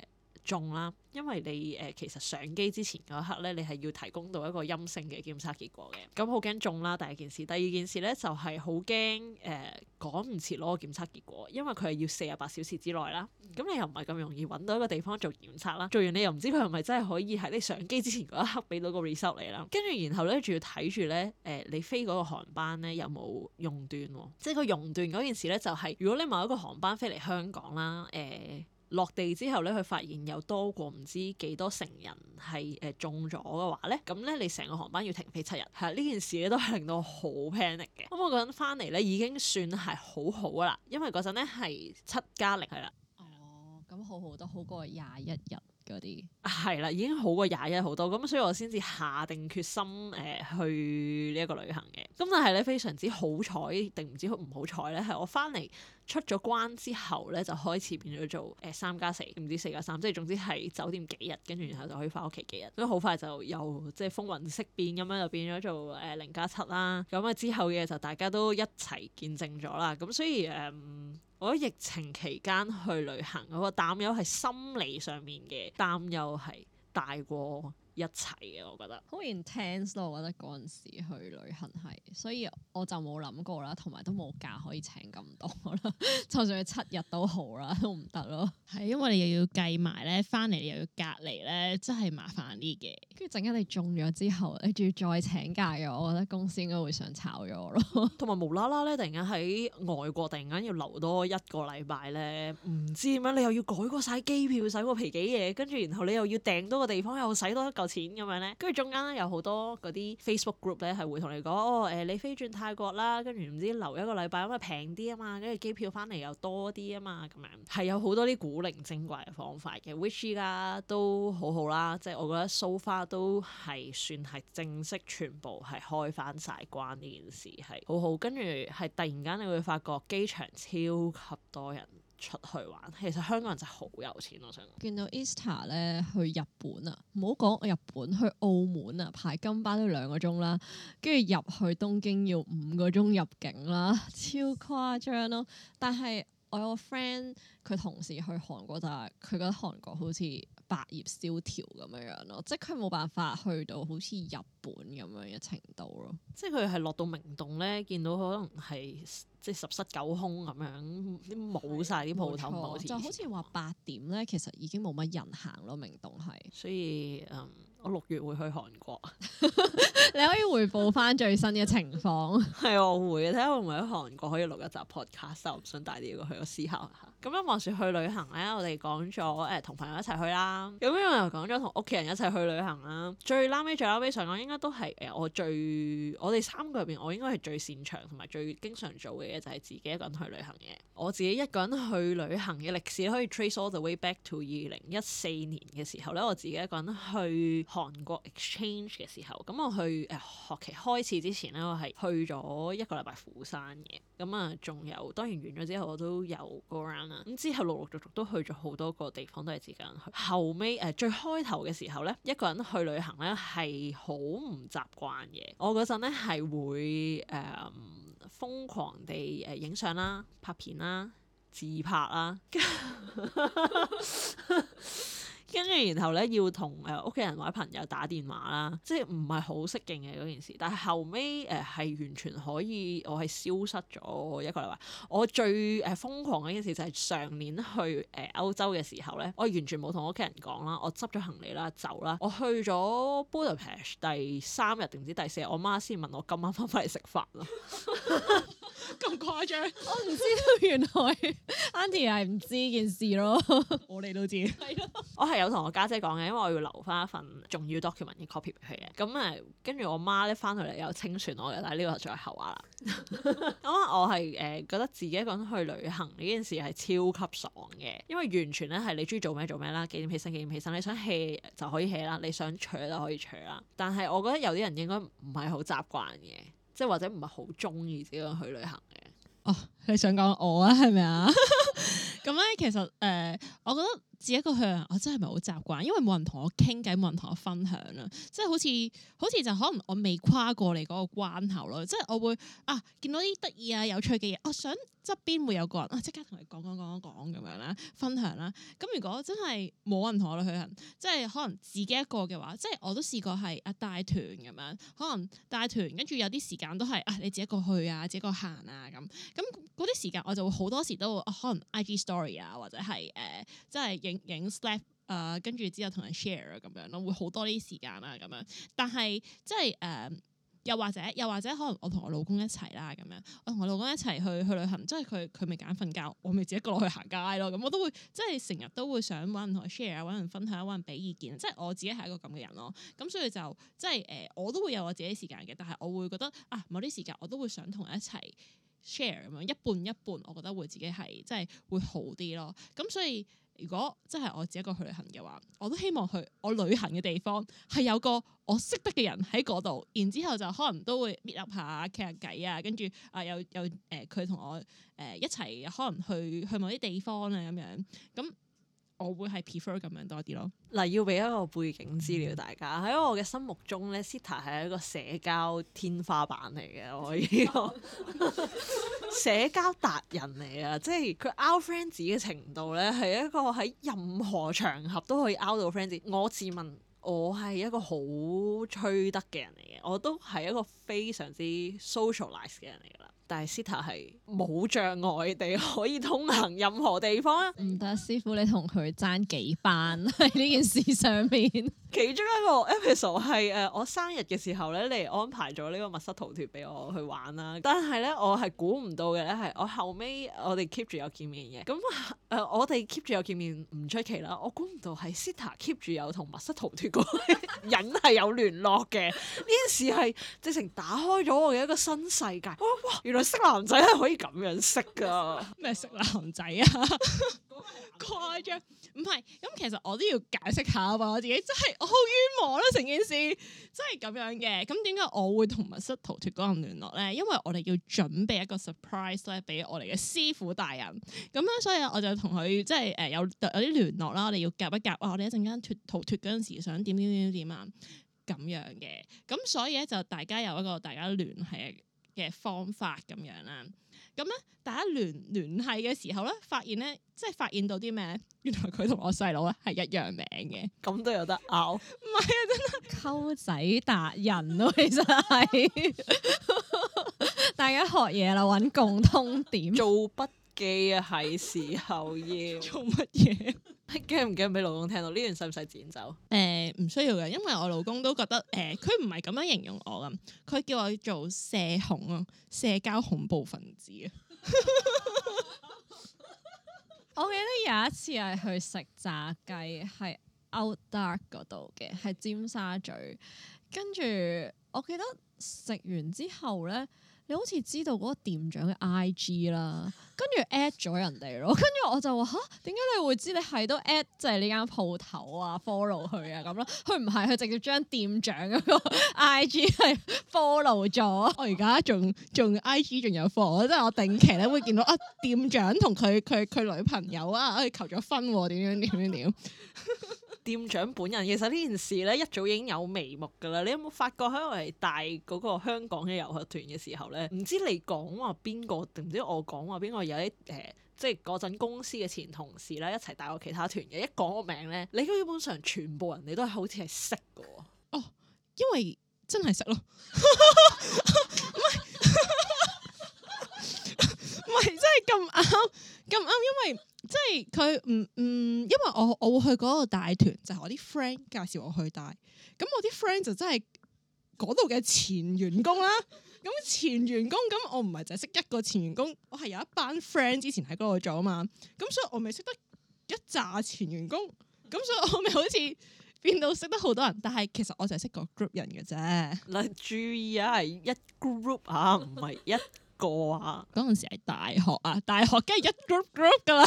中啦，因為你誒、呃、其實上機之前嗰一刻咧，你係要提供到一個陰性嘅檢測結果嘅，咁好驚中啦。第一件事，第二件事咧就係好驚誒趕唔切攞個檢測結果，因為佢係要四十八小時之內啦。咁你又唔係咁容易揾到一個地方做檢測啦。做完你又唔知佢係咪真係可以喺你上機之前嗰一刻俾到個 result 你啦。跟住然後咧仲要睇住咧誒你飛嗰個航班咧有冇熔斷喎，即係個熔斷嗰件事咧就係、是、如果你某一個航班飛嚟香港啦誒。呃落地之後咧，佢發現有多過唔知幾多成人係誒、呃、中咗嘅話咧，咁咧你成個航班要停飛七日，係啊，呢件事咧都係令到我好 panic 嘅。咁我嗰陣翻嚟咧已經算係好好啦，因為嗰陣咧係七加零係啦。哦，咁好好都好過廿一日。嗰啲係啦，已經好過廿一好多，咁所以我先至下定決心誒、呃、去呢一個旅行嘅。咁但係咧，非常之好彩定唔知好唔好彩咧，係我翻嚟出咗關之後咧，就開始變咗做誒三加四，唔知四加三，即係總之係酒店幾日，跟住然後就可以翻屋企幾日，咁好快就又即係風雲色變咁樣，就變咗做誒零加七啦。咁啊之後嘅就大家都一齊見證咗啦。咁所以誒。嗯我喺疫情期間去旅行，我個擔憂係心理上面嘅擔憂係大過。一齊嘅，我覺得好 intense 咯，我覺得嗰陣時去旅行係，所以我就冇諗過啦，同埋都冇假可以請咁多啦， 就算佢七日都好啦，都唔得咯。係因為你又要計埋咧，翻嚟又要隔離咧，真係麻煩啲嘅。跟住陣間你中咗之後，你仲要再請假嘅，我覺得公司應該會想炒咗我咯。同埋無啦啦咧，突然間喺外國突然間要留多一個禮拜咧，唔知點樣，你又要改過晒機票，使過皮幾嘢，跟住然後你又要訂多個地方，又使多一錢咁樣咧，間呢，跟住中間咧有好多嗰啲 Facebook group 咧係會同你講，誒、哦呃、你飛轉泰國啦，跟住唔知留一個禮拜，因為平啲啊嘛，跟住機票翻嚟又多啲啊嘛，咁樣係有好多啲古靈精怪嘅方法嘅，which 依家都好好啦，即係我覺得 so far 都係算係正式全部係開翻晒關呢件事係好好，跟住係突然間你會發覺機場超級多人。出去玩，其實香港人真係好有錢咯，我想見到 Easter 咧去日本啊，唔好講日本去澳門啊，排金巴都兩個鐘啦，跟住入去東京要五個鐘入境啦，超誇張咯、啊。但係我有個 friend，佢同時去韓國，就係佢覺得韓國好似。百業蕭條咁樣樣咯，即係佢冇辦法去到好似日本咁樣嘅程度咯。即係佢係落到明洞咧，見到可能係即係十室九空咁樣，啲冇晒啲鋪頭。冇錯，就好似話八點咧，其實已經冇乜人行咯，明洞係。所以嗯。我六月會去韓國， 你可以回報翻最新嘅情況。 係我會睇下會唔會喺韓國可以錄一集 podcast，我唔想帶啲嘢過去，我思考下。咁樣話說去旅行咧，我哋講咗誒同朋友一齊去啦。咁樣我又講咗同屋企人一齊去旅行啦。最撈尾最撈尾 s 想講應該都係誒、呃、我最我哋三個入邊，我應該係最擅長同埋最經常做嘅嘢就係、是、自己一個人去旅行嘅。我自己一個人去旅行嘅歷史可以 trace all the way back to 二零一四年嘅時候咧，我自己一個人去。韓國 exchange 嘅時候，咁我去誒、呃、學期開始之前咧，我係去咗一個禮拜釜山嘅，咁啊，仲有當然完咗之後，我都有 go round 啦。咁之後陸陸續續都去咗好多個地方，都係自己去。後尾誒、呃、最開頭嘅時候咧，一個人去旅行咧係好唔習慣嘅。我嗰陣咧係會誒、呃、瘋狂地誒影相啦、拍片啦、自拍啦。 跟住然後咧，要同誒屋企人或者朋友打電話啦，即係唔係好適應嘅嗰件事。但係後尾誒係完全可以，我係消失咗一個禮拜。我最誒瘋狂嘅一件事就係、是、上年去誒、呃、歐洲嘅時候咧，我完全冇同屋企人講啦，我執咗行李啦，走啦，我去咗布拉格第三日定唔知第四日，我媽先問我今晚翻唔翻嚟食飯啦。 咁誇張，誇張我唔知道原來 Auntie 係唔知件事咯。 我哋都知， 我係有同我家姐講嘅，因為我要留翻一份重要 document copy 俾佢嘅。咁啊，跟、嗯、住我媽咧翻到嚟又清算我嘅，但係呢個就係後話啦。咁 我係誒、呃、覺得自己講去旅行呢件事係超級爽嘅，因為完全咧係你中意做咩做咩啦，幾點起身幾點起身，你想起就可以起啦，你想取就可以取啦。但係我覺得有啲人應該唔係好習慣嘅。即係或者唔係好中意自己一個人去旅行嘅哦，你想講我啊，係咪啊？咁 咧其實誒、呃，我覺得。自己一個去，我真係唔係好習慣，因為冇人同我傾偈，冇人同我分享啦。即係好似好似就可能我未跨過你嗰個關口咯。即係我會啊，見到啲得意啊、有趣嘅嘢，我想側邊會有個人啊即刻同你講講講講咁樣啦，分享啦。咁如果真係冇人同我去旅行，即係可能自己一個嘅話，即係我都試過係啊帶團咁樣，可能帶團跟住有啲時間都係啊你自己一個去啊，自己一個行啊咁。咁嗰啲時間我就會好多時都會、啊、可能 IG Story 啊，或者係誒、呃、即係影。影啊，跟住、呃、之後同人 share 咁樣咯，會好多啲時間啦，咁樣。但係即係誒，又或者又或者，可能我同我老公一齊啦，咁樣。我同我老公一齊去去旅行，即係佢佢咪揀瞓覺，我咪自己過落去行街咯。咁我都會即係成日都會想搵人同我 share，搵人分享，搵人俾意見。即係我自己係一個咁嘅人咯。咁所以就即係誒、呃，我都會有我自己時間嘅，但係我會覺得啊，某啲時間我都會想同人一齊 share 咁樣，一半一半，我覺得會自己係即係會好啲咯。咁所以。如果真係我自己一個去旅行嘅話，我都希望去我旅行嘅地方係有個我識得嘅人喺嗰度，然之後就可能都會 meet 下、傾下偈啊，呃呃、跟住啊有有誒佢同我誒、呃、一齊可能去去某啲地方啊咁樣咁。我會係 prefer 咁樣多啲咯。嗱，要俾一個背景資料大家，喺、嗯、我嘅心目中咧，Zita 係一個社交天花板嚟嘅，我呢、呢個 社交達人嚟啊！即係佢 out friends 嘅程度咧，係一個喺任何場合都可以 out 到 friends。我自問我係一個好吹得嘅人嚟嘅，我都係一個非常之 socialize 嘅人嚟嘅啦。但係 Sita 係冇障礙地可以通行任何地方啊！唔得，師傅你同佢爭幾班喺呢 件事上面？其中一個 episode 係誒、呃、我生日嘅時候咧，你嚟安排咗呢個密室逃脫俾我去玩啦。但係咧，我係估唔到嘅咧，係我後尾我哋 keep 住有見面嘅。咁、嗯、誒、呃，我哋 keep 住有見面唔出奇啦。我估唔到係 Sita keep 住有同密室逃脫個人係有聯絡嘅。呢件事係直情打開咗我嘅一個新世界。哇，哇，哇識男仔係可以咁樣識噶，咩識男仔啊？誇 張。唔係，咁其實我都要解釋下，我自己真係我好冤枉啦，成件事真係咁樣嘅。咁點解我會同密室逃脱嗰陣聯絡咧？因為我哋要準備一個 surprise 咧，俾我哋嘅師傅大人。咁樣，所以我就同佢即係誒、呃、有有啲聯絡啦，我哋要夾一夾。我哋一陣間脱逃脱嗰陣時想怎樣怎樣怎樣怎樣，想點點點點啊咁樣嘅。咁所以咧，就大家有一個大家聯繫。嘅方法咁樣啦，咁咧大家聯聯繫嘅時候咧，發現咧即係發現到啲咩？原來佢同我細佬咧係一樣名嘅，咁都有得拗，唔係 啊，真係溝仔達人咯，啊，其實係， 大家學嘢啦，揾共通點，做筆記啊，係時候要做乜嘢？驚唔驚俾老公聽到？呢段使唔使剪走？誒、呃，唔需要嘅，因為我老公都覺得誒，佢唔係咁樣形容我嘅，佢叫我做社恐啊，社交恐怖分子啊。 我記得有一次係去食炸雞，係 Out Dark 嗰度嘅，係尖沙咀。跟住我記得食完之後咧。你好似知道嗰個店長嘅 I G 啦，跟住 at 咗人哋咯，跟住我就話吓，點解你會知你係都 at 就係呢間鋪頭啊，follow 佢啊咁咯？佢唔係，佢直接將店長嗰個 I G 係 follow 咗。我而家仲仲 I G 仲有 follow，即係我定期咧會見到啊，店長同佢佢佢女朋友啊，可以求咗婚點樣點樣點。 店長本人其實呢件事咧，一早已經有眉目噶啦，你有冇發覺喺我哋帶嗰個香港嘅遊客團嘅時候咧，唔知你講話邊個，定唔知我講話邊個，有啲誒、呃，即係嗰陣公司嘅前同事啦，一齊帶過其他團嘅，一講我名咧，你基本上全部人你都係好似係識噶，哦，因為真係識咯。 唔係 喂， 真係咁啱，咁啱，因為即係佢唔唔，因為我我會去嗰個帶團，就係、是、我啲 friend 介紹我去帶，咁我啲 friend 就真係嗰度嘅前員工啦，咁前員工，咁我唔係淨係識一個前員工，我係有一班 friend 之前喺嗰度做啊嘛，咁所以我咪識得一扎前員工，咁所以我咪好似變到識得好多人，但係其實我就係識個 group 人嘅啫。嗱，注意啊，係一 group 啊，唔係一。 個啊，嗰陣時係大學啊，大學梗係一 group group 噶啦，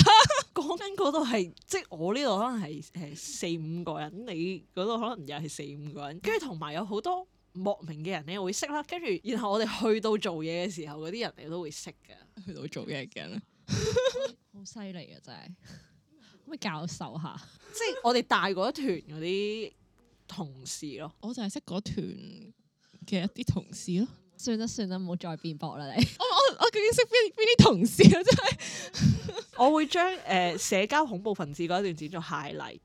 講緊嗰度係即係我呢度可能係誒四五個人，你嗰度可能又係四五個人，跟住同埋有好多莫名嘅人你會識啦，跟住然後我哋去到做嘢嘅時候，嗰啲人你都會識噶，去到做嘢嘅，好犀利啊！真係咩教授下，即係我哋大嗰團嗰啲同事咯， 我就係識嗰團嘅一啲同事咯。算啦算啦，唔好再辯駁啦！你 我我我,我究竟識邊邊啲同事啊？真 係我會將誒、呃、社交恐怖分子嗰一段剪做下 highlight。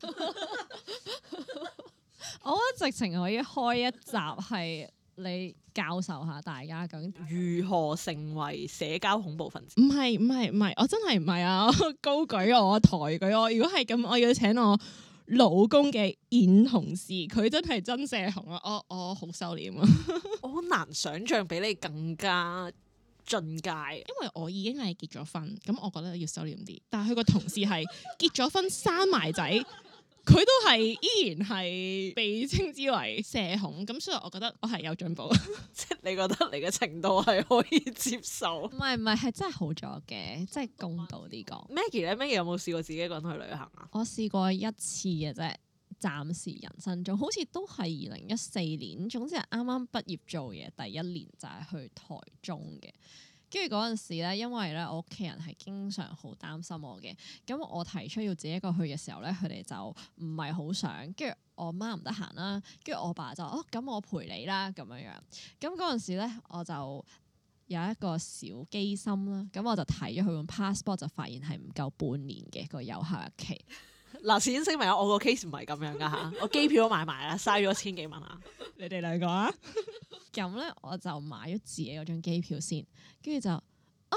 我覺得直情可以開一集係你教授下大家，究竟如何成為社交恐怖分子？唔係唔係唔係，我真係唔係啊！我高舉我，抬舉我。如果係咁，我要請我。老公嘅演同事，佢真係真社恐啊！我、哦、我、哦、好收斂啊， 我好難想象比你更加進階，因為我已經係結咗婚，咁我覺得要收斂啲。但係佢個同事係結咗婚， 生埋仔。 佢都係依然係被稱之為社恐，咁所以我覺得我係有進步。即係 你覺得你嘅程度係可以接受？唔係唔係，係真係好咗嘅，即係公道啲講 Mag。Maggie 咧，Maggie 有冇試過自己一個人去旅行啊？我試過一次嘅啫，暫時人生中，好似都係二零一四年，總之係啱啱畢業做嘢第一年就係去台中嘅。跟住嗰陣時咧，因為咧我屋企人係經常好擔心我嘅，咁我提出要自己一個去嘅時候咧，佢哋就唔係好想。跟住我媽唔得閒啦，跟住我爸就哦，咁我陪你啦，咁樣樣。咁嗰陣時咧，我就有一個小機心啦，咁我就睇咗佢個 passport 就發現係唔夠半年嘅個有效日期。嗱，先聲明我個 case 唔係咁樣噶嚇， 我機票都買埋啦，嘥咗千幾蚊 啊！你哋兩個啊，咁咧我就買咗自己嗰張機票先，跟住就啊，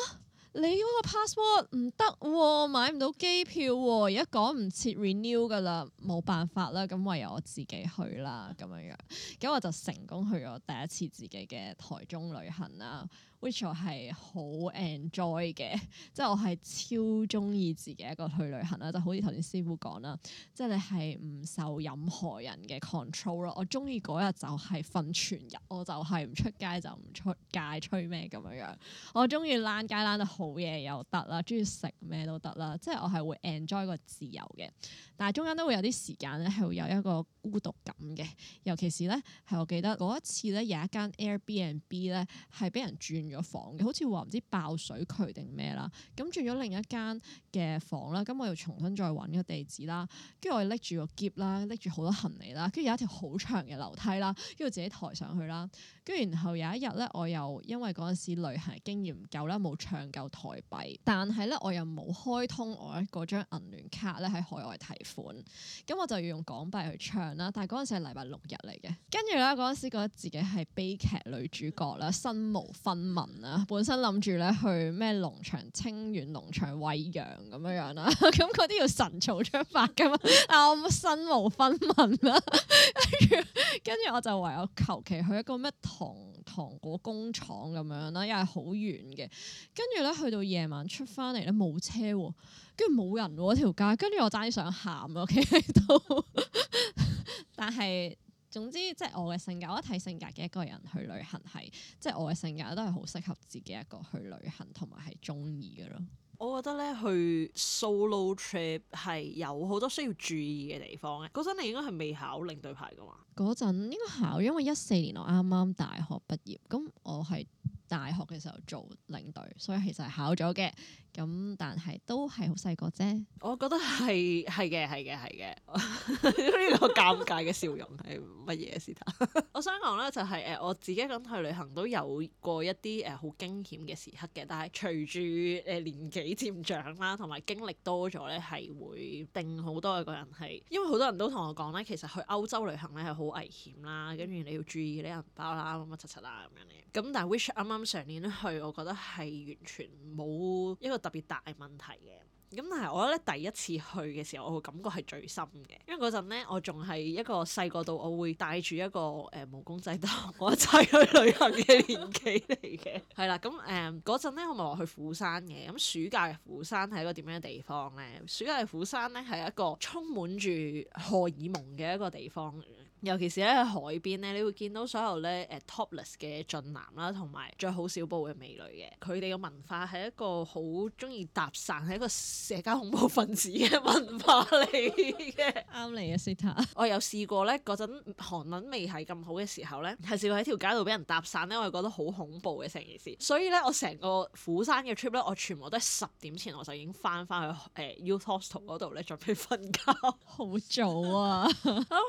你嗰個 passport 唔得喎，買唔到機票喎，而家趕唔切 renew 噶啦，冇辦法啦，咁唯有我自己去啦咁樣樣，咁我就成功去咗第一次自己嘅台中旅行啦。which 我係好 enjoy 嘅，即係我係超中意自己一個去旅行啦，就好似頭先師傅講啦，即係你係唔受任何人嘅 control 咯。我中意嗰日就係瞓全日，我就係唔出街就唔出街，吹咩咁樣樣。我中意躝街躝得好嘢又得啦，中意食咩都得啦。即係我係會 enjoy 個自由嘅，但係中間都會有啲時間咧係會有一個孤獨感嘅，尤其是咧係我記得嗰一次咧有一間 Airbnb 咧係俾人轉咗房，好似話唔知爆水渠定咩啦，咁轉咗另一間嘅房啦，咁我又重新再揾個地址啦，跟住我拎住個篋啦，拎住好多行李啦，跟住有一條好長嘅樓梯啦，跟住自己抬上去啦，跟住然後有一日咧，我又因為嗰陣時旅行經驗唔夠啦，冇唱夠台幣，但係咧我又冇開通我嗰張銀聯卡咧喺海外提款，咁我就要用港幣去唱啦，但係嗰陣時係禮拜六日嚟嘅，跟住咧嗰陣時覺得自己係悲劇女主角啦，身無分。啊，本身諗住咧去咩農場清遠農場餵羊咁樣樣啦，咁嗰啲要晨早出發噶嘛，但我身無分文啦，跟住跟住我就唯有求其去一個咩糖糖果工廠咁樣啦，因為好遠嘅，跟住咧去到夜晚出翻嚟咧冇車，跟住冇人嗰條街，跟住我真係想喊啊，企喺度，但係。總之，即係我嘅性格，我一睇性格嘅一個人去旅行係，即係我嘅性格都係好適合自己一個去旅行同埋係中意嘅咯。我覺得咧去 solo trip 係有好多需要注意嘅地方嘅。嗰陣你應該係未考領隊牌㗎嘛？嗰陣應該考，因為一四年我啱啱大學畢業，咁我係。大學嘅時候做領隊，所以其實係考咗嘅，咁但係都係好細個啫。我覺得係係嘅，係嘅，係嘅。呢 個尷尬嘅笑容係乜嘢事啊？ 我想講咧，就係、是、誒我自己咁去旅行都有過一啲誒好驚險嘅時刻嘅，但係隨住誒年紀漸長啦，同埋經歷多咗咧，係會定好多嘅個人係，因為好多人都同我講咧，其實去歐洲旅行咧係好危險啦，跟住你要注意啲銀包啦，乜乜七七啦，咁樣嘅。咁但係 which 啱啱。咁上年去，我覺得係完全冇一個特別大問題嘅。咁但係我覺得第一次去嘅時候，我會感覺係最深嘅，因為嗰陣咧，我仲係一個細個度，我會帶住一個誒毛、呃、公仔當我一齊去旅行嘅年紀嚟嘅。係 啦， 咁誒嗰陣咧，我咪話去釜山嘅。咁暑假嘅釜山係一個點樣嘅地方咧？暑假嘅釜山咧係一個充滿住荷爾蒙嘅一個地方。尤其是咧喺海邊咧，你會見到所有咧誒、啊、topless 嘅俊男啦，同埋著好少布嘅美女嘅。佢哋嘅文化係一個好中意搭訕，係一個社交恐怖分子嘅文化嚟嘅。啱你啊，Zita！我有試過咧，嗰陣寒冷未係咁好嘅時候咧，係試過喺條街度俾人搭訕咧，我係覺得好恐怖嘅成件事。所以咧，我成個釜山嘅 trip 咧，我全部都係十點前我就已經翻翻去誒、呃、youth hostel 嗰度咧，準備瞓覺。好早啊， 好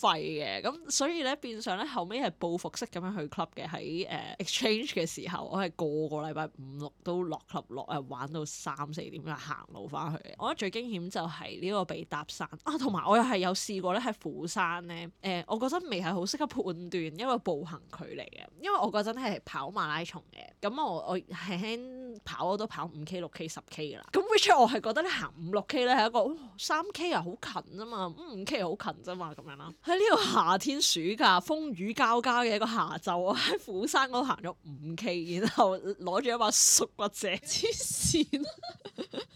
快。係嘅，咁、嗯，所以咧，變相咧，後尾係報復式咁樣去 club 嘅。喺誒 exchange 嘅時候，我係個個禮拜五六都落 club 落，誒玩到三四點，行路翻去。我覺得最驚險就係呢個被搭訕啊，同埋我又係有試過咧喺釜山咧誒、呃，我嗰陣未係好識得判斷，因為步行距離嘅，因為我嗰陣係跑馬拉松嘅，咁我我輕輕跑我都跑五 k 六 k 十 k 啦，咁 which 我係覺得咧行五六 k 咧係一個三，哦、k 啊好近啫嘛，五 k 好近啫嘛咁樣啦呢度夏天暑假風雨交加嘅一個下晝，我喺釜山嗰度行咗五 K，然後攞住一把縮骨遮，黐線。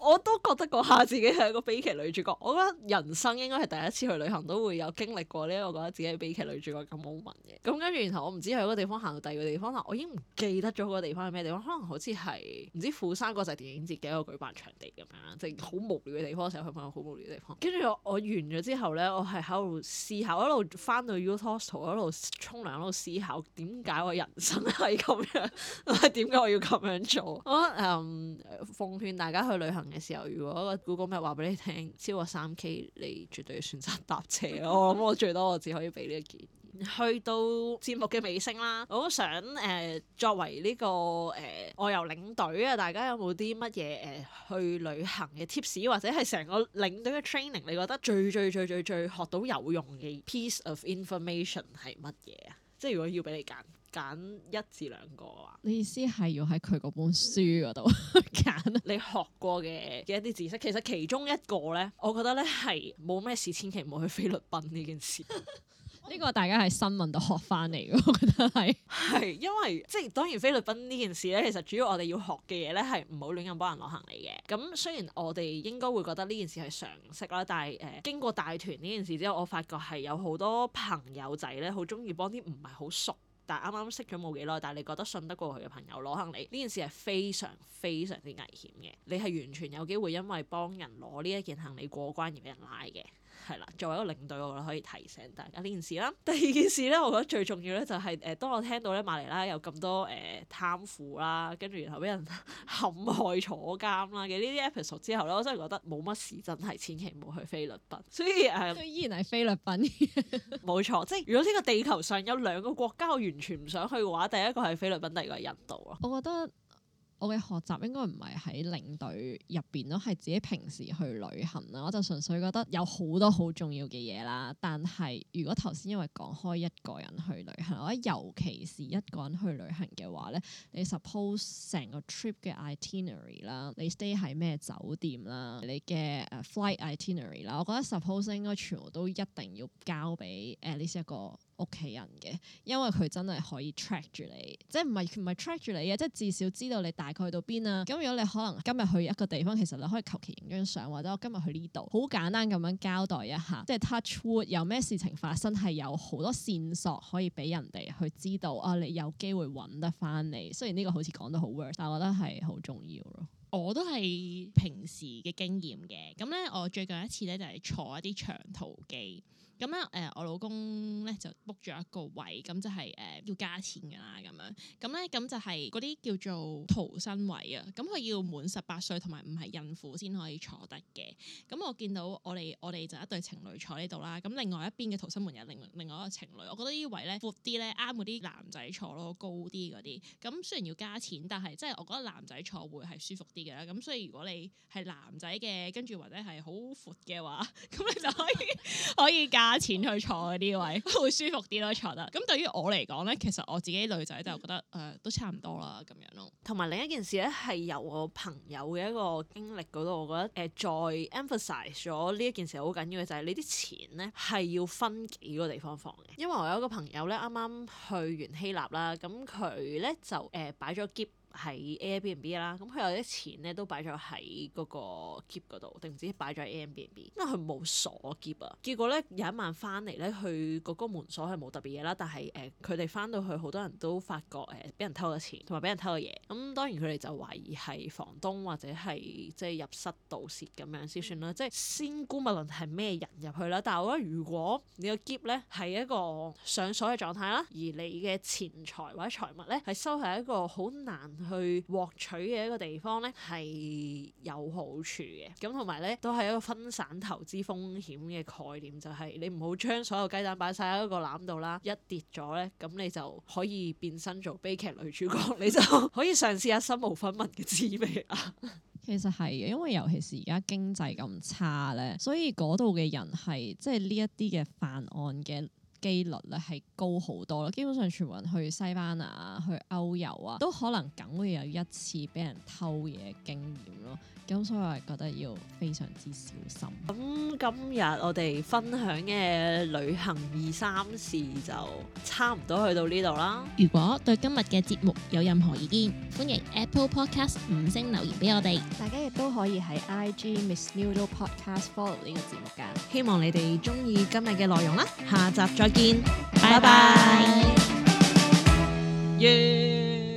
我都覺得嗰下自己係一個悲劇女主角，我覺得人生應該係第一次去旅行都會有經歷過呢、這、一個我覺得自己係悲劇女主角咁 moment 嘅。咁跟住然後我唔知喺嗰個地方行到第二個地方啦，我已經唔記得咗嗰個地方係咩地方，可能好似係唔知釜山個就係電影節嘅一個舉辦場地咁樣，即係好無聊嘅地方，成日去翻個好無聊嘅地方。跟住我，我完咗之後咧，我係喺度思考，一路翻到 youth hostel 一路沖涼，一路思考點解我人生係咁樣，點解我要咁樣做？我誒、um, 奉勸大家去旅行。旅行嘅時候，如果個 Google Map 話俾你聽超過三 K，你絕對要選擇搭車。我諗、 哦、我最多我只可以俾呢一件。 去到節目嘅尾聲啦，我都想誒、呃，作為呢、這個誒、呃、外遊領隊啊，大家有冇啲乜嘢誒去旅行嘅 tips 或者係成個領隊嘅 training？你覺得最，最最最最最學到有用嘅 piece of information 係乜嘢啊？即係如果要俾你揀。揀一至兩個啊！你意思係要喺佢嗰本書嗰度揀你學過嘅嘅一啲知識？其實其中一個咧，我覺得咧係冇咩事，千祈唔好去菲律賓呢件事。呢 個大家喺新聞度學翻嚟嘅，我覺得係係 因為即係當然菲律賓呢件事咧，其實主要我哋要學嘅嘢咧係唔好亂咁幫人攞行李嘅。咁雖然我哋應該會覺得呢件事係常識啦，但係誒、呃、經過帶團呢件事之後，我發覺係有好多朋友仔咧好中意幫啲唔係好熟。但啱啱識咗冇幾耐，但係你覺得信得過佢嘅朋友攞行李呢件事係非常非常之危險嘅，你係完全有機會因為幫人攞呢一件行李過關而俾人拉嘅。係啦，作為一個領隊，我覺得可以提醒大家呢件事啦。第二件事咧，我覺得最重要咧就係誒，當我聽到咧馬尼拉有咁多誒、呃、貪腐啦，跟住然後俾人陷害坐監啦嘅呢啲 episode 之後咧，我真係覺得冇乜事，真係千祈唔好去菲律賓。所以誒，呃、依然係菲律賓。冇 錯，即係如果呢個地球上有兩個國家，我完全唔想去嘅話，第一個係菲律賓，第二個係印度啊。我覺得。我嘅學習應該唔係喺領隊入邊咯，係自己平時去旅行啦。我就純粹覺得有好多好重要嘅嘢啦。但係如果頭先因為講開一個人去旅行，我覺得尤其是一個人去旅行嘅話咧，你 suppose 成個 trip 嘅 itinerary 啦，你 stay 喺咩酒店啦，你嘅誒 flight itinerary 啦，我覺得 suppose 應該全部都一定要交俾 at least 一個屋企人嘅，因為佢真係可以 track 住你。即係唔係唔係 track 住你嘅，即係至少知道你大概去到邊啊。咁如果你可能今日去一個地方，其實你可以求其影張相，或者我今日去呢度，好簡單咁樣交代一下，即係 touch wood 有咩事情發生，係有好多線索可以俾人哋去知道啊。你有機會揾得翻你，雖然呢個好似講得好 worse，但係我覺得係好重要咯。我都係平時嘅經驗嘅，咁咧我最近一次咧就係坐一啲長途機。咁咧，誒、啊呃，我老公咧就 book 咗一個位，咁就係、是、誒、呃、要加錢噶啦，咁樣。咁咧，咁就係嗰啲叫做逃生位啊。咁佢要滿十八歲同埋唔係孕婦先可以坐得嘅。咁我見到我哋，我哋就一對情侶坐呢度啦。咁另外一邊嘅逃生門有另另外一個情侶。我覺得位呢位咧闊啲咧，啱啲男仔坐咯，高啲嗰啲。咁雖然要加錢，但係即係我覺得男仔坐會係舒服啲嘅啦。咁所以如果你係男仔嘅，跟住或者係好闊嘅話，咁你就可以。 可以加錢去坐嗰啲位， 會舒服啲咯，坐得。咁對於我嚟講咧，其實我自己女仔就覺得誒、呃、都差唔多啦咁樣咯。同埋另一件事咧，係由我朋友嘅一個經歷嗰度，我覺得誒、呃、再 emphasize 咗呢一件事好緊要嘅，就係、是、你啲錢咧係要分幾個地方放嘅。因為我有一個朋友咧，啱啱去完希臘啦，咁佢咧就誒擺咗喺 Airbnb 啦，咁佢有啲錢咧都擺咗喺嗰個 key 嗰度，定唔知擺咗喺 Airbnb 因為佢冇鎖 key 啊。結果咧有一晚翻嚟咧，佢嗰個門鎖係冇特別嘢啦，但係誒佢哋翻到去好多人都發覺誒俾、呃、人偷咗錢同埋俾人偷咗嘢。咁當然佢哋就懷疑係房東或者係即係入室盜竊咁樣先算啦。即係先估唔論係咩人入去啦，但係我覺得如果你個 key 咧係一個上鎖嘅狀態啦，而你嘅錢財或者財物咧係收喺一個好難去獲取嘅一個地方咧，係有好處嘅。咁同埋咧，都係一個分散投資風險嘅概念，就係你唔好將所有雞蛋擺晒喺一個籃度啦。一跌咗咧，咁你就可以變身做悲劇女主角， 你就可以嘗試下身無分文嘅滋味啊。 其實係嘅，因為尤其是而家經濟咁差咧，所以嗰度嘅人係即係呢一啲嘅犯案嘅。機率咧係高好多咯，基本上全部人去西班牙、去歐遊啊，都可能梗會有一次俾人偷嘢經驗咯。咁所以我係覺得要非常之小心。咁今日我哋分享嘅旅行二三事就差唔多去到呢度啦。如果對今日嘅節目有任何意見，歡迎 Apple Podcast 五星留言俾我哋。大家亦都可以喺 IG Miss Noodle Podcast follow 呢個節目㗎。希望你哋中意今日嘅內容啦，下集再。再見，拜拜。Yeah.